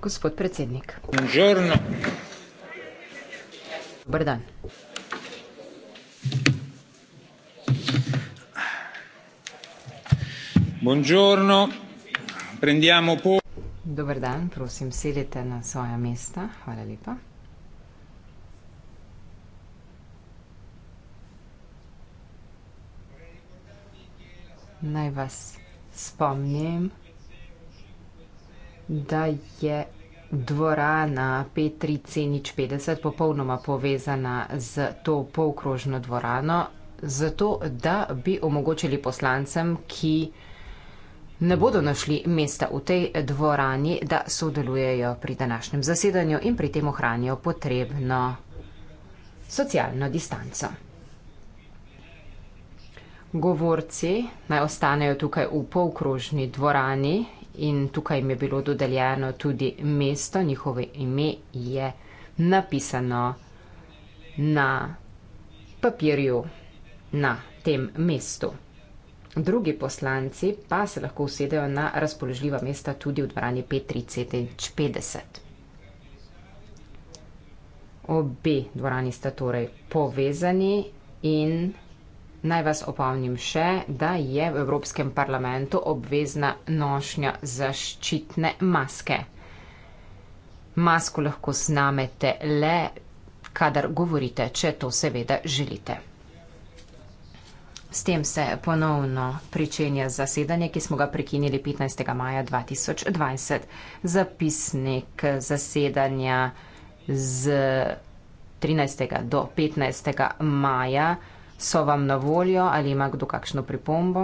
gospod predsednik. Buongiorno. Dobar dan. Buongiorno. Prendiamo po... Dobar dan, prosim, sedite na svoja mesta. Hvala lepa. Naj vas spomnim, da je dvorana Petri Cenič 50 popolnoma povezana z to polkrožno dvorano, zato da bi omogočili poslancem, ki ne bodo našli mesta v tej dvorani, da sodelujejo pri današnjem zasedanju in pri tem ohranijo potrebno socialno distanco. Govorci naj ostanejo tukaj v polkrožni dvorani in tukaj jim je bilo dodeljeno tudi mesto. Njihove ime je napisano na papirju na tem mestu. Drugi poslanci pa se lahko usedejo na razpoložljiva mesta tudi v dvorani 5350. Obe dvorani sta torej povezani in Naj vas opomnim še, da je v Evropskem parlamentu obvezna nošnja zaščitne maske. Masko lahko snamete le, kadar govorite, če to seveda želite. S tem se ponovno pričenja zasedanje, ki smo ga prekinili 15. maja 2020. Zapisnik zasedanja z 13. do 15. maja 2020 so vam na voljo ali ima kdo kakšno pripombo?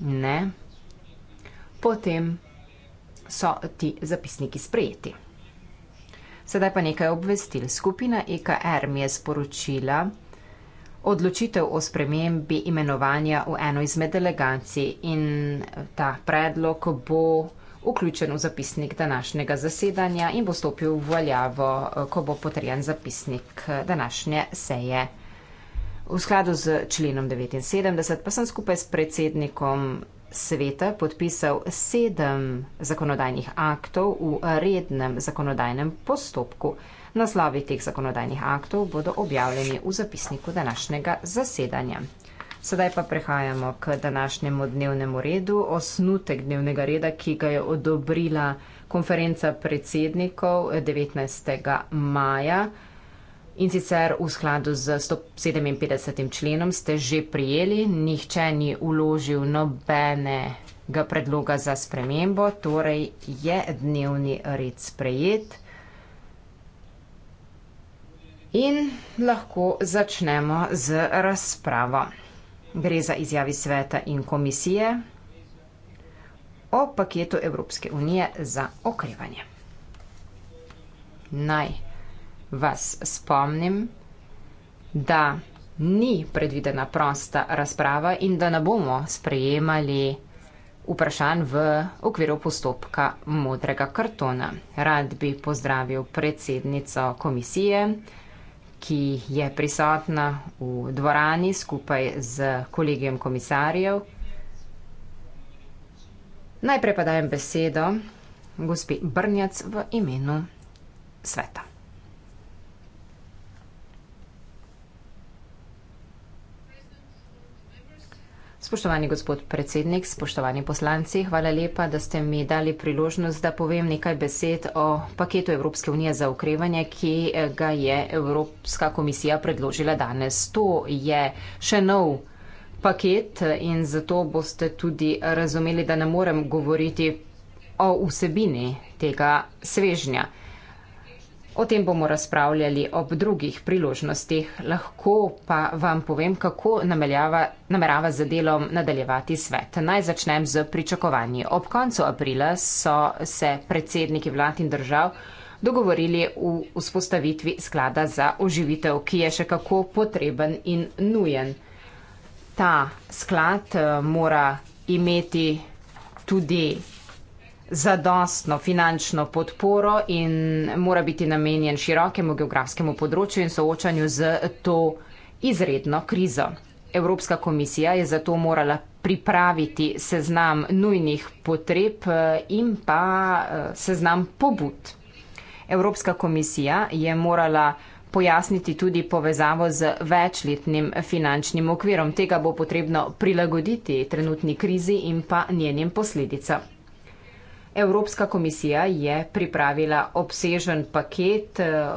Ne. Potem so ti zapisniki sprejeti. Sedaj pa nekaj obvestil. Skupina EKR mi je sporočila odločitev o spremembi imenovanja v eno izmed delegacij in ta predlog bo vključen v zapisnik današnjega zasedanja in bo stopil v veljavo, ko bo potrjen zapisnik današnje seje. V skladu z členom 79 pa sem skupaj s predsednikom sveta podpisal sedem zakonodajnih aktov v rednem zakonodajnem postopku. Naslovi teh zakonodajnih aktov bodo objavljeni v zapisniku današnjega zasedanja. Sedaj pa prehajamo k današnjemu dnevnemu redu, osnutek dnevnega reda, ki ga je odobrila konferenca predsednikov 19. maja. In sicer v skladu z 157. členom ste že prijeli, nihče ni uložil nobenega predloga za spremembo, torej je dnevni red sprejet. In lahko začnemo z razpravo. Gre za izjavi sveta in komisije o paketu Evropske unije za okrevanje. Naj vas spomnim, da ni predvidena prosta razprava in da ne bomo sprejemali vprašanj v okviru postopka modrega kartona. Rad bi pozdravil predsednico komisije, ki je prisotna v dvorani skupaj z kolegijem komisarjev. Najprej pa dajem besedo gospi Brnjac v imenu sveta. Spoštovani gospod predsednik, spoštovani poslanci, hvala lepa, da ste mi dali priložnost, da povem nekaj besed o paketu Evropske unije za ukrevanje, ki eh, ga je Evropska komisija predložila danes. To je še nov paket eh, in zato boste tudi razumeli, da ne morem govoriti o vsebini tega svežnja. O tem bomo razpravljali ob drugih priložnostih, lahko pa vam povem, kako nameljava, namerava z delom nadaljevati svet. Naj začnem z pričakovanji. Ob koncu aprila so se predsedniki vlad in držav dogovorili v vzpostavitvi sklada za oživitev, ki je še kako potreben in nujen. Ta sklad eh, mora imeti tudi zadostno finančno podporo in mora biti namenjen širokemu geografskemu področju in soočanju z to izredno krizo. Evropska komisija je zato morala pripraviti seznam nujnih potreb eh, in pa eh, seznam pobud. Evropska komisija je morala pojasniti tudi povezavo z večletnim finančnim okvirom. Tega bo potrebno prilagoditi trenutni krizi in pa njenim posledicam. Evropska komisija je pripravila obsežen paket eh,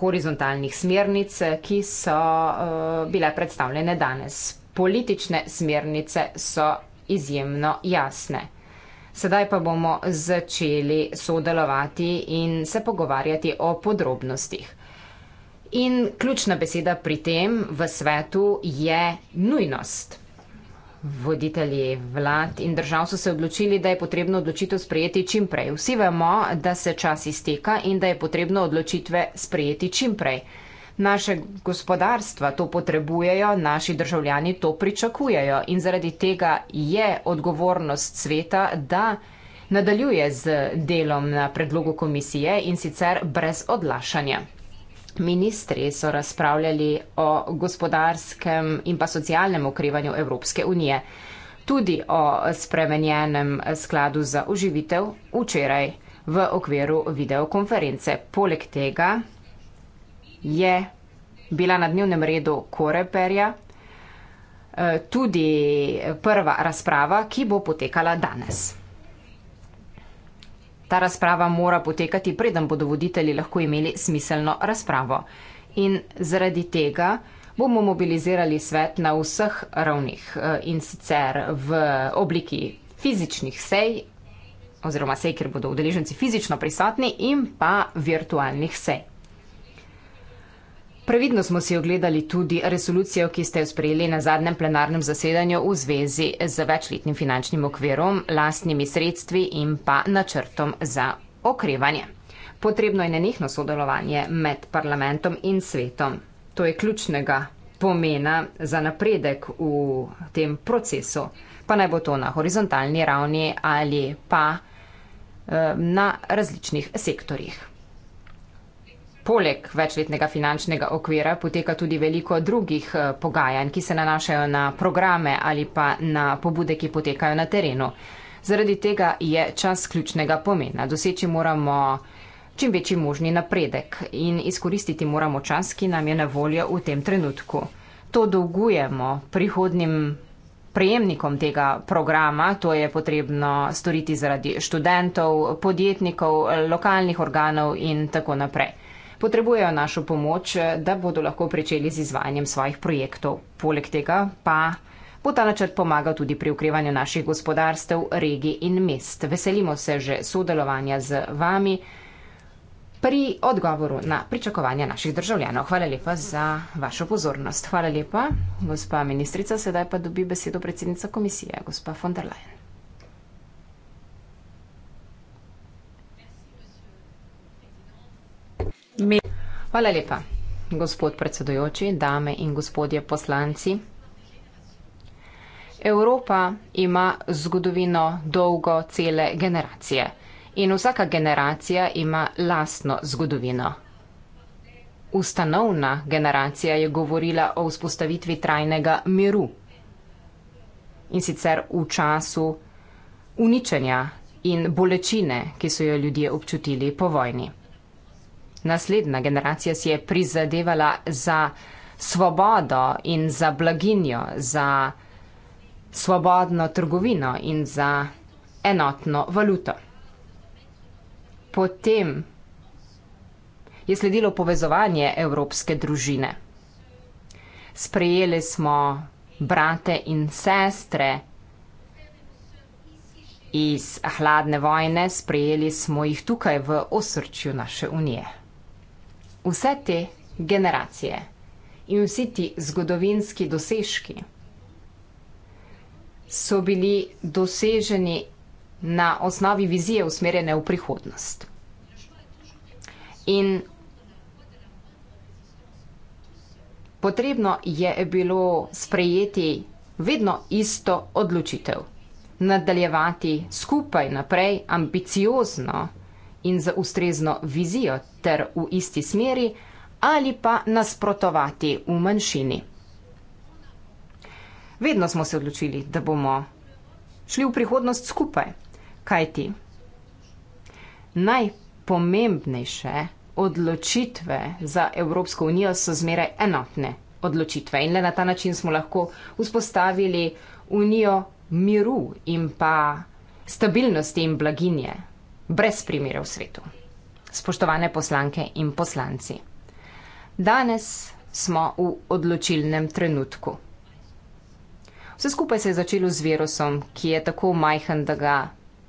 horizontalnih smernic, eh, ki so eh, bile predstavljene danes. Politične smernice so izjemno jasne. Sedaj pa bomo začeli sodelovati in se pogovarjati o podrobnostih. In ključna beseda pri tem v svetu je nujnost voditelji vlad in držav so se odločili, da je potrebno odločitev sprejeti čim prej. Vsi vemo, da se čas izteka in da je potrebno odločitve sprejeti čim prej. Naše gospodarstva to potrebujejo, naši državljani to pričakujejo in zaradi tega je odgovornost sveta, da nadaljuje z delom na predlogu komisije in sicer brez odlašanja. Ministri so razpravljali o gospodarskem in pa socialnem okrevanju Evropske unije, tudi o spremenjenem skladu za oživitev včeraj v okviru videokonference. Poleg tega je bila na dnevnem redu Koreperja eh, tudi prva razprava, ki bo potekala danes. Ta razprava mora potekati, preden bodo voditelji lahko imeli smiselno razpravo. In zaradi tega bomo mobilizirali svet na vseh ravnih eh, in sicer v obliki fizičnih sej oziroma sej, kjer bodo udeleženci fizično prisotni in pa virtualnih sej. Previdno smo si ogledali tudi resolucijo, ki ste jo sprejeli na zadnjem plenarnem zasedanju v zvezi z večletnim finančnim okvirom, lastnimi sredstvi in pa načrtom za okrevanje. Potrebno je nenehno sodelovanje med parlamentom in svetom. To je ključnega pomena za napredek v tem procesu, pa naj bo to na horizontalni ravni ali pa eh, na različnih sektorjih poleg večletnega finančnega okvira poteka tudi veliko drugih eh, pogajanj, ki se nanašajo na programe ali pa na pobude, ki potekajo na terenu. Zaradi tega je čas ključnega pomena. Doseči moramo čim večji možni napredek in izkoristiti moramo čas, ki nam je na voljo v tem trenutku. To dolgujemo prihodnim prejemnikom tega programa, to je potrebno storiti zaradi študentov, podjetnikov, lokalnih organov in tako naprej potrebujejo našo pomoč, eh, da bodo lahko pričeli z izvajanjem svojih projektov. Poleg tega pa bo ta načrt pomagal tudi pri ukrevanju naših gospodarstev, regij in mest. Veselimo se že sodelovanja z vami pri odgovoru na pričakovanja naših državljanov. Hvala lepa za vašo pozornost. Hvala lepa, gospa ministrica. Sedaj pa dobi besedo predsednica komisije, gospa von der Leyen. Hvala lepa. Gospod predsedujoči, dame in gospodje poslanci. Evropa ima zgodovino dolgo cele generacije in vsaka generacija ima lastno zgodovino. Ustanovna generacija je govorila o vzpostavitvi trajnega miru in sicer v času uničenja in bolečine, ki so jo ljudje občutili po vojni naslednja generacija si je prizadevala za svobodo in za blaginjo, za svobodno trgovino in za enotno valuto. Potem je sledilo povezovanje evropske družine. Sprejeli smo brate in sestre iz hladne vojne, sprejeli smo jih tukaj v osrčju naše unije vse te generacije in vsi ti zgodovinski dosežki so bili doseženi na osnovi vizije usmerjene v prihodnost. In potrebno je bilo sprejeti vedno isto odločitev, nadaljevati skupaj naprej ambiciozno in z ustrezno vizijo ter v isti smeri ali pa nasprotovati v manjšini. Vedno smo se odločili, da bomo šli v prihodnost skupaj, kajti najpomembnejše odločitve za Evropsko unijo so zmeraj enotne odločitve in le na ta način smo lahko vzpostavili unijo miru in pa stabilnosti in blaginje brez primere v svetu. Spoštovane poslanke in poslanci, danes smo v odločilnem trenutku. Vse skupaj se je začelo z virusom, ki je tako majhen, da ga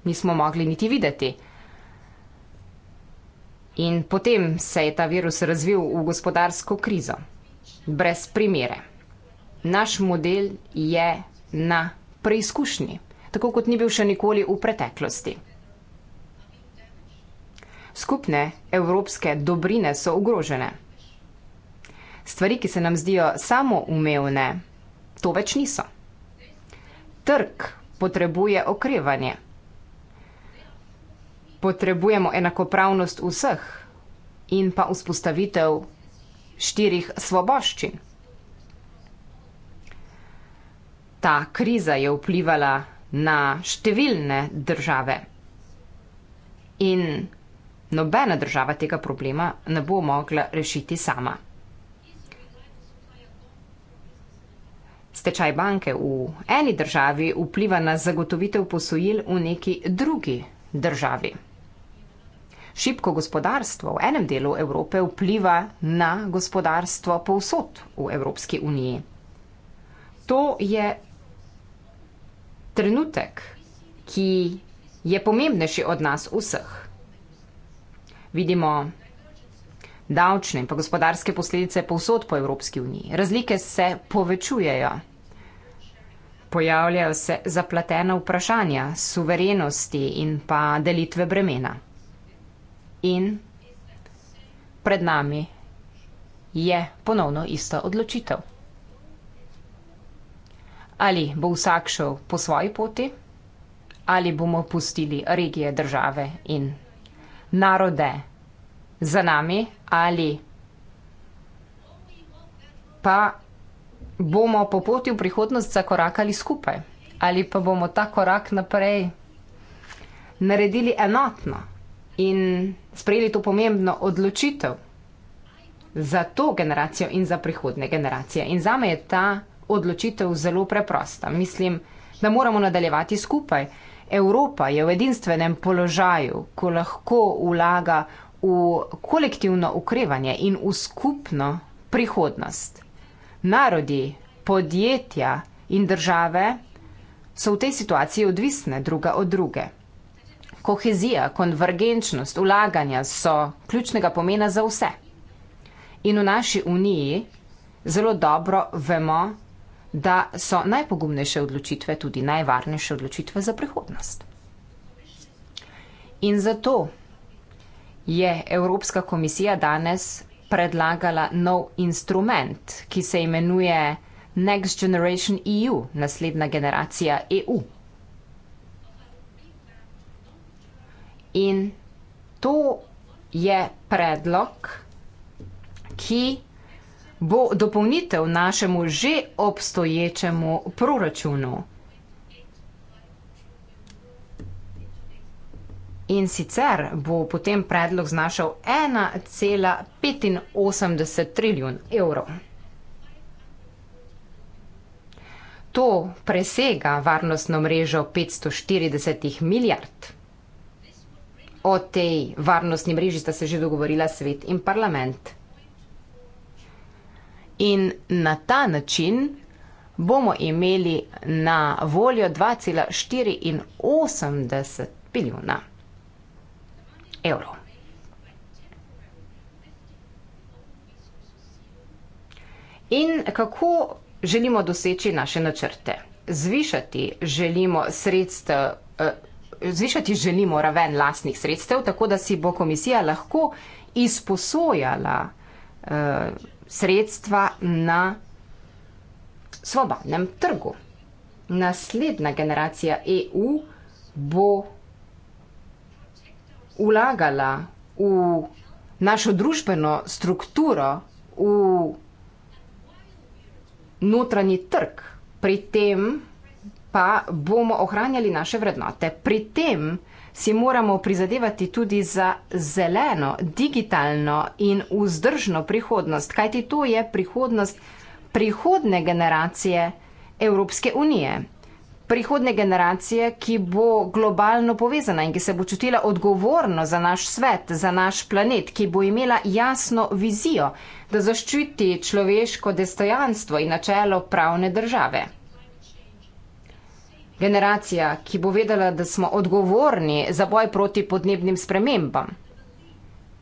nismo mogli niti videti. In potem se je ta virus razvil v gospodarsko krizo. Brez primere. Naš model je na preizkušnji, tako kot ni bil še nikoli v preteklosti skupne evropske dobrine so ogrožene. Stvari, ki se nam zdijo samoumevne, to več niso. Trg potrebuje okrevanje. Potrebujemo enakopravnost vseh in pa vzpostavitev štirih svoboščin. Ta kriza je vplivala na številne države in Nobena država tega problema ne bo mogla rešiti sama. Stečaj banke v eni državi vpliva na zagotovitev posojil v neki drugi državi. Šibko gospodarstvo v enem delu Evrope vpliva na gospodarstvo povsod v Evropski uniji. To je trenutek, ki je pomembnejši od nas vseh vidimo davčne in pa gospodarske posledice povsod po Evropski uniji. Razlike se povečujejo. Pojavljajo se zapletena vprašanja suverenosti in pa delitve bremena. In pred nami je ponovno ista odločitev. Ali bo vsak šel po svoji poti, ali bomo pustili regije, države in narode za nami ali pa bomo po poti v prihodnost zakorakali skupaj ali pa bomo ta korak naprej naredili enotno in sprejeli to pomembno odločitev za to generacijo in za prihodne generacije. In zame je ta odločitev zelo preprosta. Mislim, da moramo nadaljevati skupaj. Evropa je v edinstvenem položaju, ko lahko vlaga v kolektivno ukrevanje in v skupno prihodnost. Narodi, podjetja in države so v tej situaciji odvisne druga od druge. Kohezija, konvergenčnost, ulaganja so ključnega pomena za vse. In v naši uniji zelo dobro vemo, da so najpogumnejše odločitve tudi najvarnejše odločitve za prihodnost. In zato je Evropska komisija danes predlagala nov instrument, ki se imenuje Next Generation EU, naslednja generacija EU. In to je predlog, ki bo dopolnitev našemu že obstoječemu proračunu. In sicer bo potem predlog znašal 1,85 trilijon evrov. To presega varnostno mrežo 540 milijard. O tej varnostni mreži sta se že dogovorila svet in parlament in na ta način bomo imeli na voljo 2,84 biljuna evrov. In kako želimo doseči naše načrte? Zvišati želimo sredstev, eh, zvišati želimo raven lastnih sredstev, tako da si bo komisija lahko izposojala eh, sredstva na svobodnem trgu. Naslednja generacija EU bo vlagala v našo družbeno strukturo, v notranji trg, pri tem pa bomo ohranjali naše vrednote. Pri tem, si moramo prizadevati tudi za zeleno, digitalno in vzdržno prihodnost, kajti to je prihodnost prihodne generacije Evropske unije. Prihodne generacije, ki bo globalno povezana in ki se bo čutila odgovorno za naš svet, za naš planet, ki bo imela jasno vizijo, da zaščiti človeško dostojanstvo in načelo pravne države generacija, ki bo vedela, da smo odgovorni za boj proti podnebnim spremembam,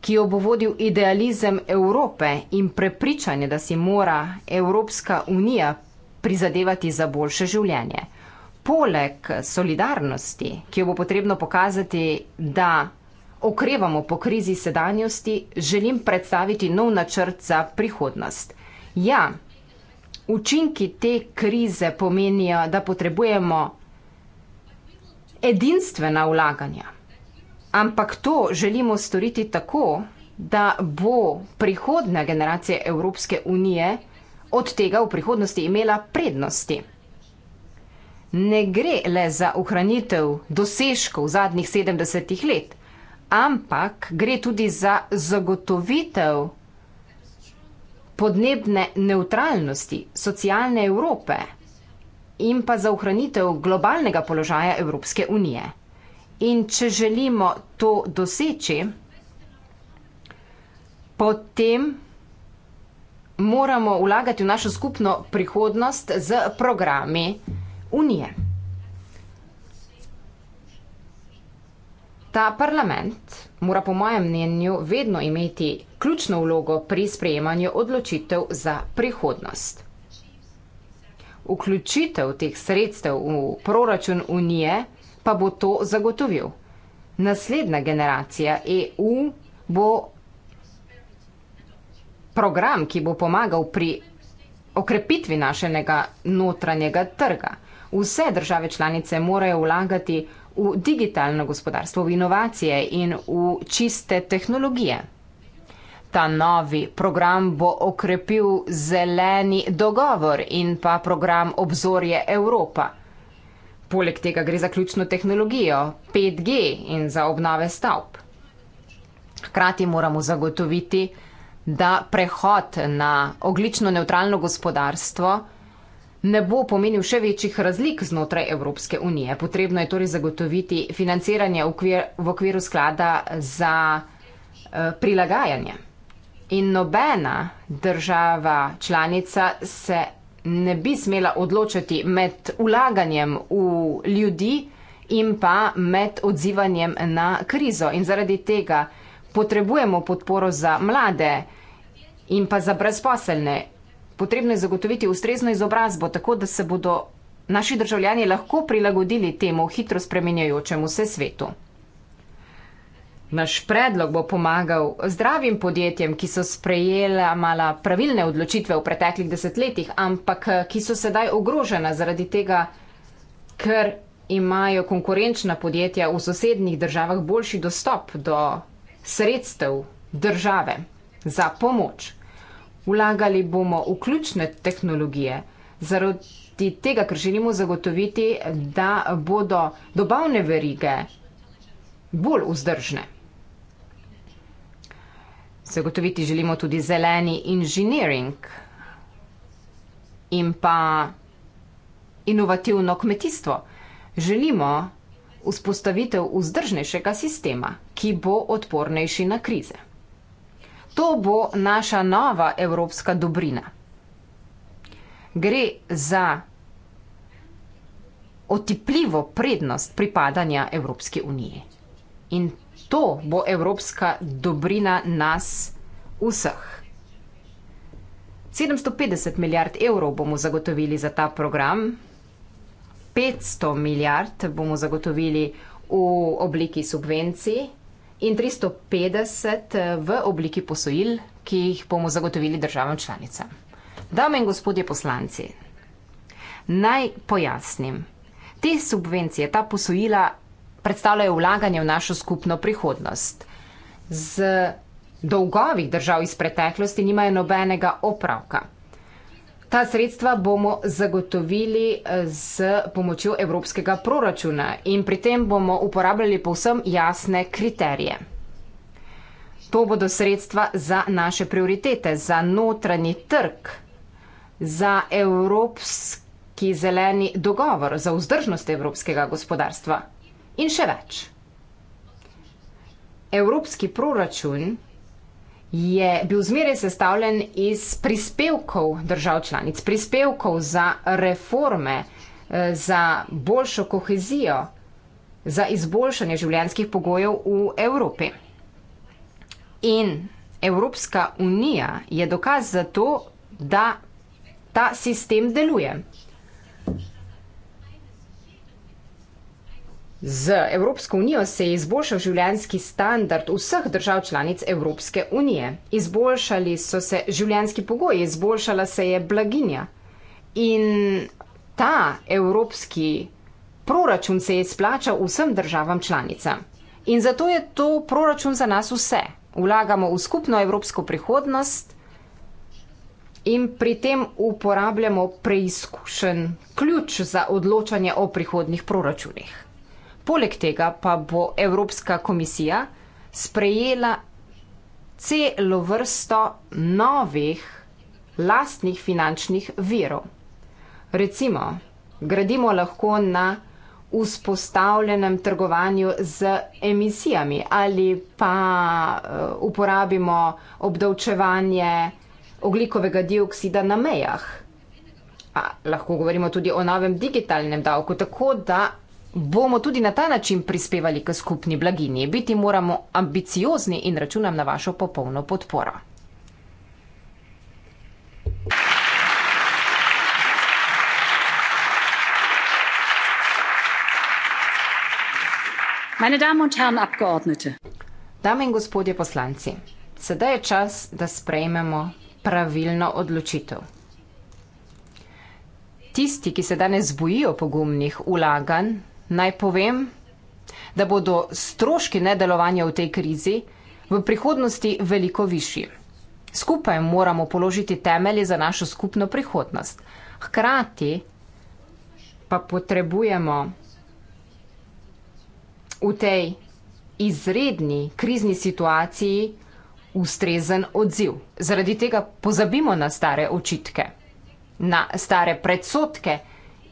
ki jo bo vodil idealizem Evrope in prepričanje, da si mora Evropska unija prizadevati za boljše življenje. Poleg solidarnosti, ki jo bo potrebno pokazati, da okrevamo po krizi sedanjosti, želim predstaviti nov načrt za prihodnost. Ja, učinki te krize pomenijo, da potrebujemo edinstvena vlaganja. Ampak to želimo storiti tako, da bo prihodna generacija Evropske unije od tega v prihodnosti imela prednosti. Ne gre le za ohranitev dosežkov zadnjih 70 let, ampak gre tudi za zagotovitev podnebne neutralnosti, socialne Evrope in pa za ohranitev globalnega položaja Evropske unije. In če želimo to doseči, potem moramo vlagati v našo skupno prihodnost z programi Unije. Ta parlament mora po mojem mnenju vedno imeti ključno vlogo pri sprejemanju odločitev za prihodnost vključitev teh sredstev v proračun unije, pa bo to zagotovil. Naslednja generacija EU bo program, ki bo pomagal pri okrepitvi našega notranjega trga. Vse države članice morajo vlagati v digitalno gospodarstvo, v inovacije in v čiste tehnologije. Ta novi program bo okrepil zeleni dogovor in pa program obzorje Evropa. Poleg tega gre za ključno tehnologijo 5G in za obnove stavb. Hkrati moramo zagotoviti, da prehod na oglično neutralno gospodarstvo ne bo pomenil še večjih razlik znotraj Evropske unije. Potrebno je torej zagotoviti financiranje v okviru sklada za eh, prilagajanje. In nobena država članica se ne bi smela odločiti med ulaganjem v ljudi in pa med odzivanjem na krizo. In zaradi tega potrebujemo podporo za mlade in pa za brezposelne. Potrebno je zagotoviti ustrezno izobrazbo, tako da se bodo naši državljani lahko prilagodili temu hitro spreminjajočemu se svetu. Naš predlog bo pomagal zdravim podjetjem, ki so sprejela mala pravilne odločitve v preteklih desetletjih, ampak eh, ki so sedaj ogrožena zaradi tega, ker imajo konkurenčna podjetja v sosednjih državah boljši dostop do sredstev države za pomoč. Vlagali bomo v ključne tehnologije zaradi tega, ker želimo zagotoviti, da bodo dobavne verige bolj vzdržne zagotoviti želimo tudi zeleni inženiring in pa inovativno kmetijstvo. Želimo vzpostavitev vzdržnejšega sistema, ki bo odpornejši na krize. To bo naša nova evropska dobrina. Gre za otipljivo prednost pripadanja Evropski uniji. In to bo evropska dobrina nas vseh. 750 milijard evrov bomo zagotovili za ta program, 500 milijard bomo zagotovili v obliki subvencij in 350 v obliki posojil, ki jih bomo zagotovili državam članicam. Dame in gospodje poslanci, naj pojasnim, te subvencije, ta posojila predstavljajo vlaganje v našo skupno prihodnost. Z dolgovi držav iz preteklosti nimajo nobenega opravka. Ta sredstva bomo zagotovili eh, z pomočjo evropskega proračuna in pri tem bomo uporabljali povsem jasne kriterije. To bodo sredstva za naše prioritete, za notranji trg, za evropski zeleni dogovor, za vzdržnost evropskega gospodarstva. In še več. Evropski proračun je bil zmeraj sestavljen iz prispevkov držav članic, prispevkov za reforme, eh, za boljšo kohezijo, za izboljšanje življenjskih pogojev v Evropi. In Evropska unija je dokaz za to, da ta sistem deluje. Z Evropsko unijo se je izboljšal življenski standard vseh držav članic Evropske unije. Izboljšali so se življenski pogoji, izboljšala se je blaginja. In ta evropski proračun se je splačal vsem državam članicam. In zato je to proračun za nas vse. Vlagamo v skupno evropsko prihodnost in pri tem uporabljamo preizkušen ključ za odločanje o prihodnih proračunih. Poleg tega pa bo Evropska komisija sprejela celo vrsto novih lastnih finančnih virov. Recimo, gradimo lahko na vzpostavljenem trgovanju z emisijami ali pa eh, uporabimo obdavčevanje oglikovega dioksida na mejah. A, lahko govorimo tudi o novem digitalnem davku, tako da bomo tudi na ta način prispevali k skupni blaginji. Biti moramo ambiciozni in računam na vašo popolno podporo. Dame in gospodje poslanci, sedaj je čas, da sprejmemo pravilno odločitev. Tisti, ki se danes bojijo pogumnih ulaganj, naj povem, da bodo stroški nedelovanja v tej krizi v prihodnosti veliko višji. Skupaj moramo položiti temelje za našo skupno prihodnost. Hkrati pa potrebujemo v tej izredni krizni situaciji ustrezen odziv. Zaradi tega pozabimo na stare očitke, na stare predsotke,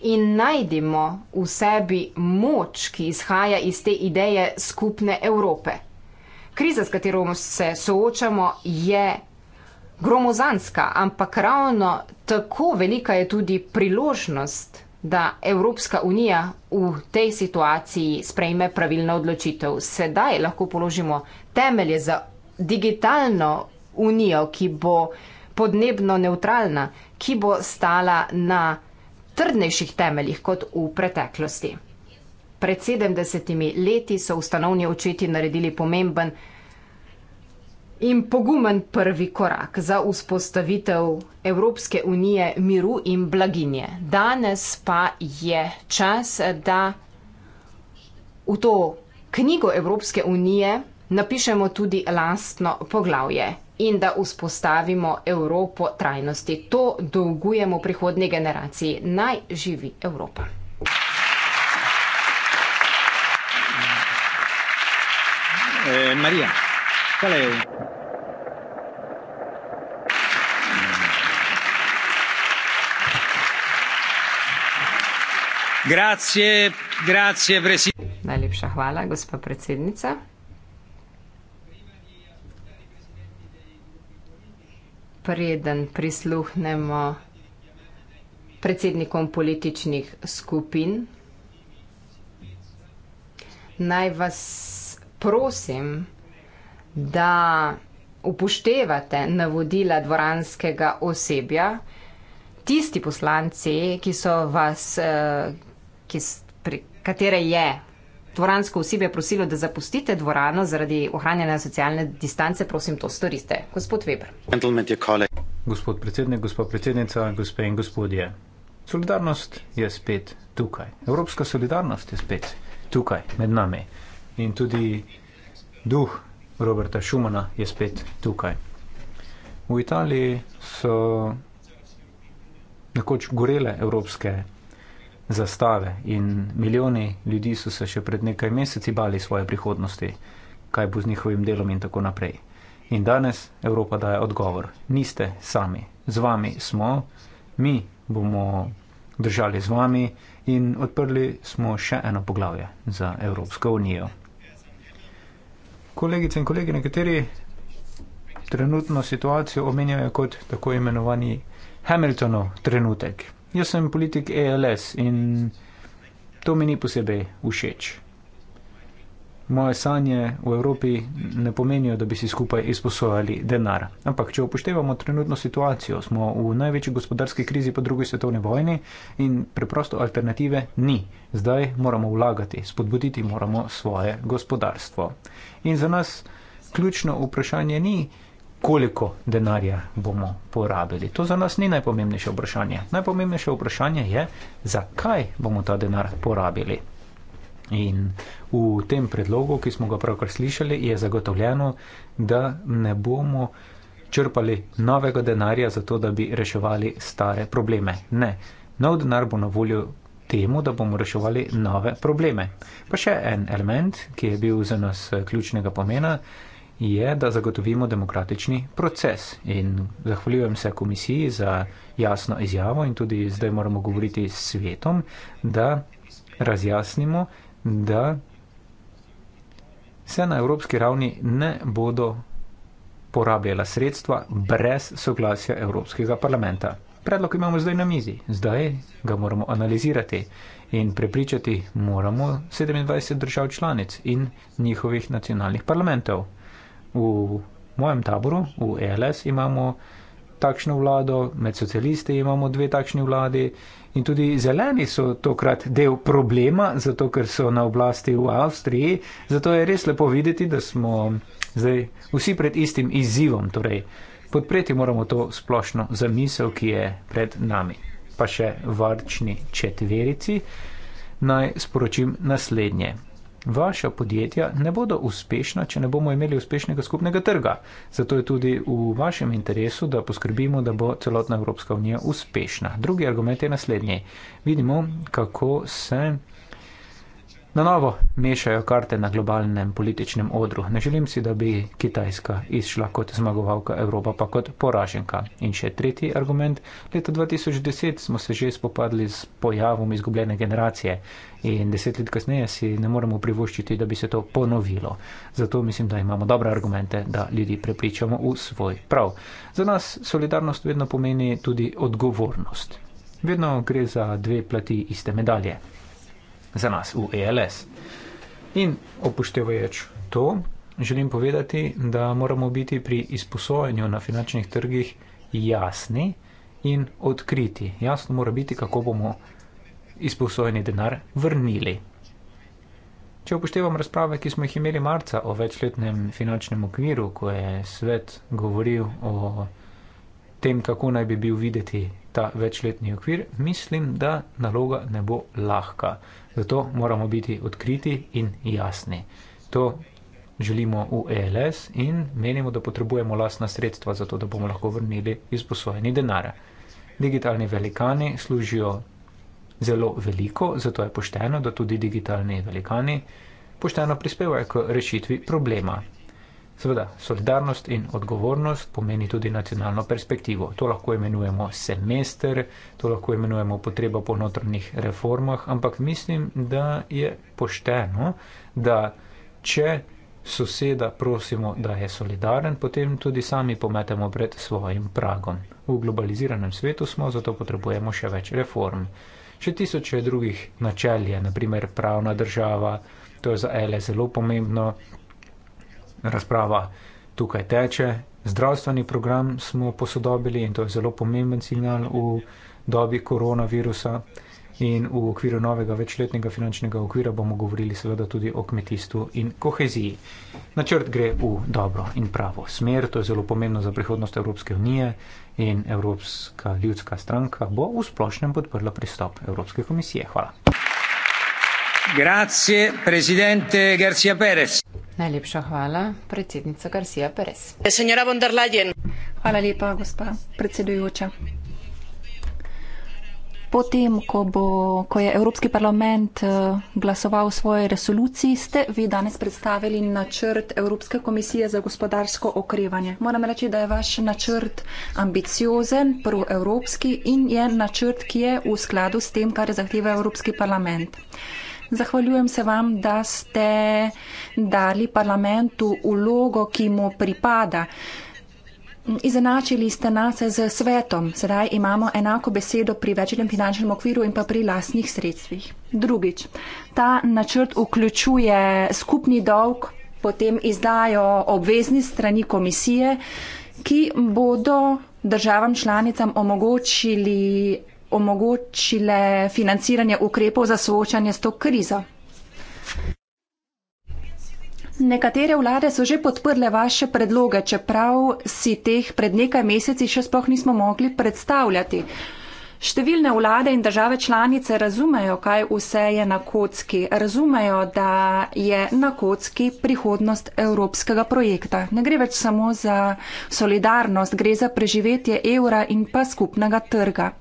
in najdemo v sebi moč, ki izhaja iz te ideje skupne Evrope. Kriza, s katero se soočamo, je gromozanska, ampak ravno tako velika je tudi priložnost, da Evropska unija v tej situaciji sprejme pravilno odločitev. Sedaj lahko položimo temelje za digitalno unijo, ki bo podnebno neutralna, ki bo stala na trdnejših temeljih kot v preteklosti. Pred 70 leti so ustanovni očeti naredili pomemben in pogumen prvi korak za vzpostavitev Evropske unije miru in blaginje. Danes pa je čas, da v to knjigo Evropske unije napišemo tudi lastno poglavje in da vzpostavimo Evropo trajnosti. To dolgujemo prihodnji generaciji. Naj živi Evropa. Eh, Marija, kaj je? Grazie, grazie, presidente. Najlepša hvala, gospa predsednica. preden prisluhnemo predsednikom političnih skupin. Naj vas prosim, da upoštevate navodila dvoranskega osebja. Tisti poslanci, ki so vas, eh, ki, pri, katere je dvoransko osebje prosilo, da zapustite dvorano zaradi ohranjanja socialne distance, prosim, to storite. Gospod Weber. Gospod predsednik, gospa predsednica, gospe in gospodje. Solidarnost je spet tukaj. Evropska solidarnost je spet tukaj med nami. In tudi duh Roberta Šumana je spet tukaj. V Italiji so nekoč gorele evropske zastave in milijoni ljudi so se še pred nekaj meseci bali svoje prihodnosti, kaj bo z njihovim delom in tako naprej. In danes Evropa daje odgovor. Niste sami, z vami smo, mi bomo držali z vami in odprli smo še eno poglavje za Evropsko unijo. Kolegice in kolegi, nekateri trenutno situacijo omenjajo kot tako imenovani Hamiltonov trenutek. Jaz sem politik ALS e in to mi ni posebej všeč. Moje sanje v Evropi ne pomenijo, da bi si skupaj izposojali denar. Ampak, če upoštevamo trenutno situacijo, smo v največji gospodarski krizi po drugi svetovni vojni in preprosto alternative ni. Zdaj moramo vlagati, spodbuditi moramo svoje gospodarstvo. In za nas ključno vprašanje ni, koliko denarja bomo porabili. To za nas ni najpomembnejše vprašanje. Najpomembnejše vprašanje je, zakaj bomo ta denar porabili. In v tem predlogu, ki smo ga pravkar slišali, je zagotovljeno, da ne bomo črpali novega denarja za to, da bi reševali stare probleme. Ne, nov denar bo na voljo temu, da bomo reševali nove probleme. Pa še en element, ki je bil za nas ključnega pomena, je, da zagotovimo demokratični proces. In zahvaljujem se komisiji za jasno izjavo in tudi zdaj moramo govoriti s svetom, da razjasnimo, da se na evropski ravni ne bodo porabljala sredstva brez soglasja Evropskega parlamenta. Predlog imamo zdaj na mizi, zdaj ga moramo analizirati in prepričati moramo 27 držav članic in njihovih nacionalnih parlamentov v mojem taboru, v ELS, imamo takšno vlado, med socialisti imamo dve takšni vladi in tudi zeleni so tokrat del problema, zato ker so na oblasti v Avstriji. Zato je res lepo videti, da smo zdaj vsi pred istim izzivom. Torej, podpreti moramo to splošno zamisel, ki je pred nami. Pa še varčni četverici. Naj sporočim naslednje. Vaša podjetja ne bodo uspešna, če ne bomo imeli uspešnega skupnega trga. Zato je tudi v vašem interesu, da poskrbimo, da bo celotna Evropska unija uspešna. Drugi argument je naslednji. Vidimo, kako se na novo mešajo karte na globalnem političnem odru. Ne želim si, da bi Kitajska izšla kot zmagovalka, Evropa pa kot poraženka. In še tretji argument. Leta 2010 smo se že spopadli s pojavom izgubljene generacije in deset let kasneje si ne moremo privoščiti, da bi se to ponovilo. Zato mislim, da imamo dobre argumente, da ljudi prepričamo v svoj prav. Za nas solidarnost vedno pomeni tudi odgovornost. Vedno gre za dve plati iste medalje za nas v ELS. In opuštevajoč to, želim povedati, da moramo biti pri izposojanju na finančnih trgih jasni in odkriti. Jasno mora biti, kako bomo izposojeni denar vrnili. Če upoštevam razprave, ki smo jih imeli marca o večletnem finančnem okviru, ko je svet govoril o tem, kako naj bi bil videti ta večletni okvir, mislim, da naloga ne bo lahka. Zato moramo biti odkriti in jasni. To želimo v ELS in menimo, da potrebujemo lasna sredstva za to, da bomo lahko vrnili izposojeni denar. Digitalni velikani služijo zelo veliko, zato je pošteno, da tudi digitalni velikani pošteno prispevajo k rešitvi problema. Seveda, solidarnost in odgovornost pomeni tudi nacionalno perspektivo. To lahko imenujemo semester, to lahko imenujemo potreba po notrnih reformah, ampak mislim, da je pošteno, da če soseda prosimo, da je solidaren, potem tudi sami pometemo pred svojim pragom. V globaliziranem svetu smo, zato potrebujemo še več reform. Še tisoče drugih načel je, naprimer pravna država, to je za L zelo pomembno, razprava tukaj teče. Zdravstveni program smo posodobili in to je zelo pomemben signal v dobi koronavirusa in v okviru novega večletnega finančnega okvira bomo govorili seveda tudi o kmetijstvu in koheziji. Načrt gre v dobro in pravo smer, to je zelo pomembno za prihodnost Evropske unije in Evropska ljudska stranka bo v splošnem podprla pristop Evropske komisije. Hvala. Grazie, presidente Garcia Perez. Najlepša hvala, predsednica Garcia Perez. Eh, hvala lepa, gospa predsedujoča. Potem, ko, bo, ko je Evropski parlament eh, glasoval o svoji resoluciji, ste vi danes predstavili načrt Evropske komisije za gospodarsko okrevanje. Moram reči, da je vaš načrt ambiciozen, proevropski in je načrt, ki je v skladu s tem, kar zahteva Evropski parlament. Zahvaljujem se vam, da ste dali parlamentu ulogo, ki mu pripada. Izenačili ste nas z svetom, sedaj imamo enako besedo pri večjem finančnem okviru in pa pri lastnih sredstvih. Drugič, ta načrt vključuje skupni dolg, potem izdajo obvezni strani komisije, ki bodo državam članicam omogočili omogočile financiranje ukrepov za soočanje s to krizo. Nekatere vlade so že podprle vaše predloge, čeprav si teh pred nekaj meseci še sploh nismo mogli predstavljati. Številne vlade in države članice razumejo, kaj vse je na kocki. Razumejo, da je na kocki prihodnost evropskega projekta. Ne gre več samo za solidarnost, gre za preživetje evra in pa skupnega trga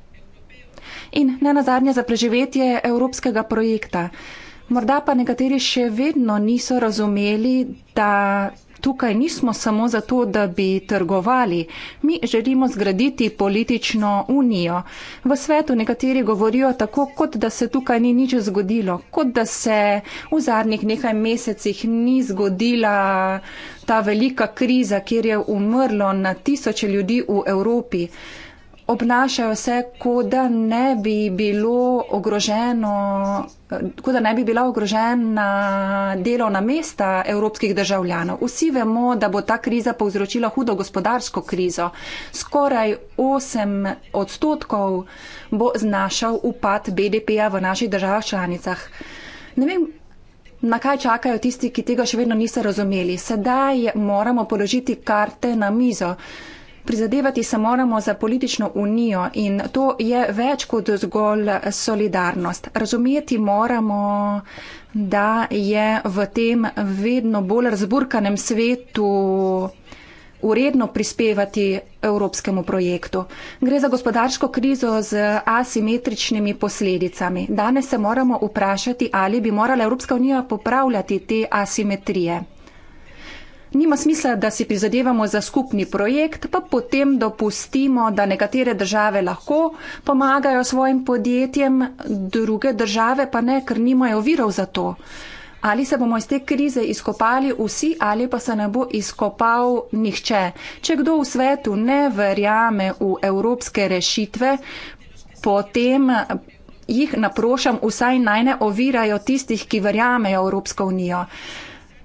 in ne nazadnje za preživetje evropskega projekta. Morda pa nekateri še vedno niso razumeli, da tukaj nismo samo zato, da bi trgovali. Mi želimo zgraditi politično unijo. V svetu nekateri govorijo tako, kot da se tukaj ni nič zgodilo, kot da se v zadnjih nekaj mesecih ni zgodila ta velika kriza, kjer je umrlo na tisoče ljudi v Evropi obnašajo se, kot da ne bi bilo ogroženo, kot da ne bi bila ogrožena delovna mesta evropskih državljanov. Vsi vemo, da bo ta kriza povzročila hudo gospodarsko krizo. Skoraj 8 odstotkov bo znašal upad BDP-ja v naših državah članicah. Ne vem, Na kaj čakajo tisti, ki tega še vedno niso razumeli? Sedaj moramo položiti karte na mizo prizadevati se moramo za politično unijo in to je več kot zgolj solidarnost. Razumeti moramo, da je v tem vedno bolj razburkanem svetu uredno prispevati evropskemu projektu. Gre za gospodarsko krizo z asimetričnimi posledicami. Danes se moramo vprašati, ali bi morala Evropska unija popravljati te asimetrije. Nima smisla, da si prizadevamo za skupni projekt, pa potem dopustimo, da nekatere države lahko pomagajo svojim podjetjem, druge države pa ne, ker nimajo virov za to. Ali se bomo iz te krize izkopali vsi ali pa se ne bo izkopal nihče. Če kdo v svetu ne verjame v evropske rešitve, potem jih naprošam vsaj naj ne ovirajo tistih, ki verjamejo Evropsko unijo.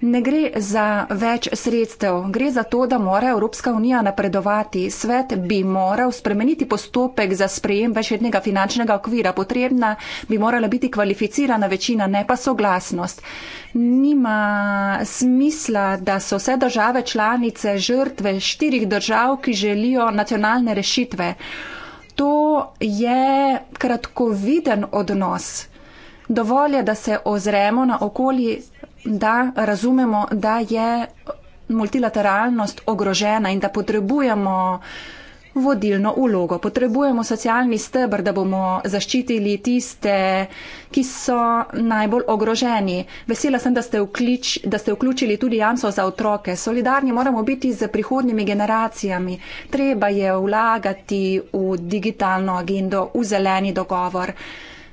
Ne gre za več sredstev, gre za to, da mora Evropska unija napredovati. Svet bi moral spremeniti postopek za sprejem večletnega finančnega okvira. Potrebna bi morala biti kvalificirana večina, ne pa soglasnost. Nima smisla, da so vse države članice žrtve štirih držav, ki želijo nacionalne rešitve. To je kratkoviden odnos. Dovolj je, da se ozremo na okolje da razumemo, da je multilateralnost ogrožena in da potrebujemo vodilno ulogo, potrebujemo socialni stebr, da bomo zaščitili tiste, ki so najbolj ogroženi. Vesela sem, da ste, vključ, da ste vključili tudi jamstvo za otroke. Solidarni moramo biti z prihodnimi generacijami. Treba je vlagati v digitalno agendo, v zeleni dogovor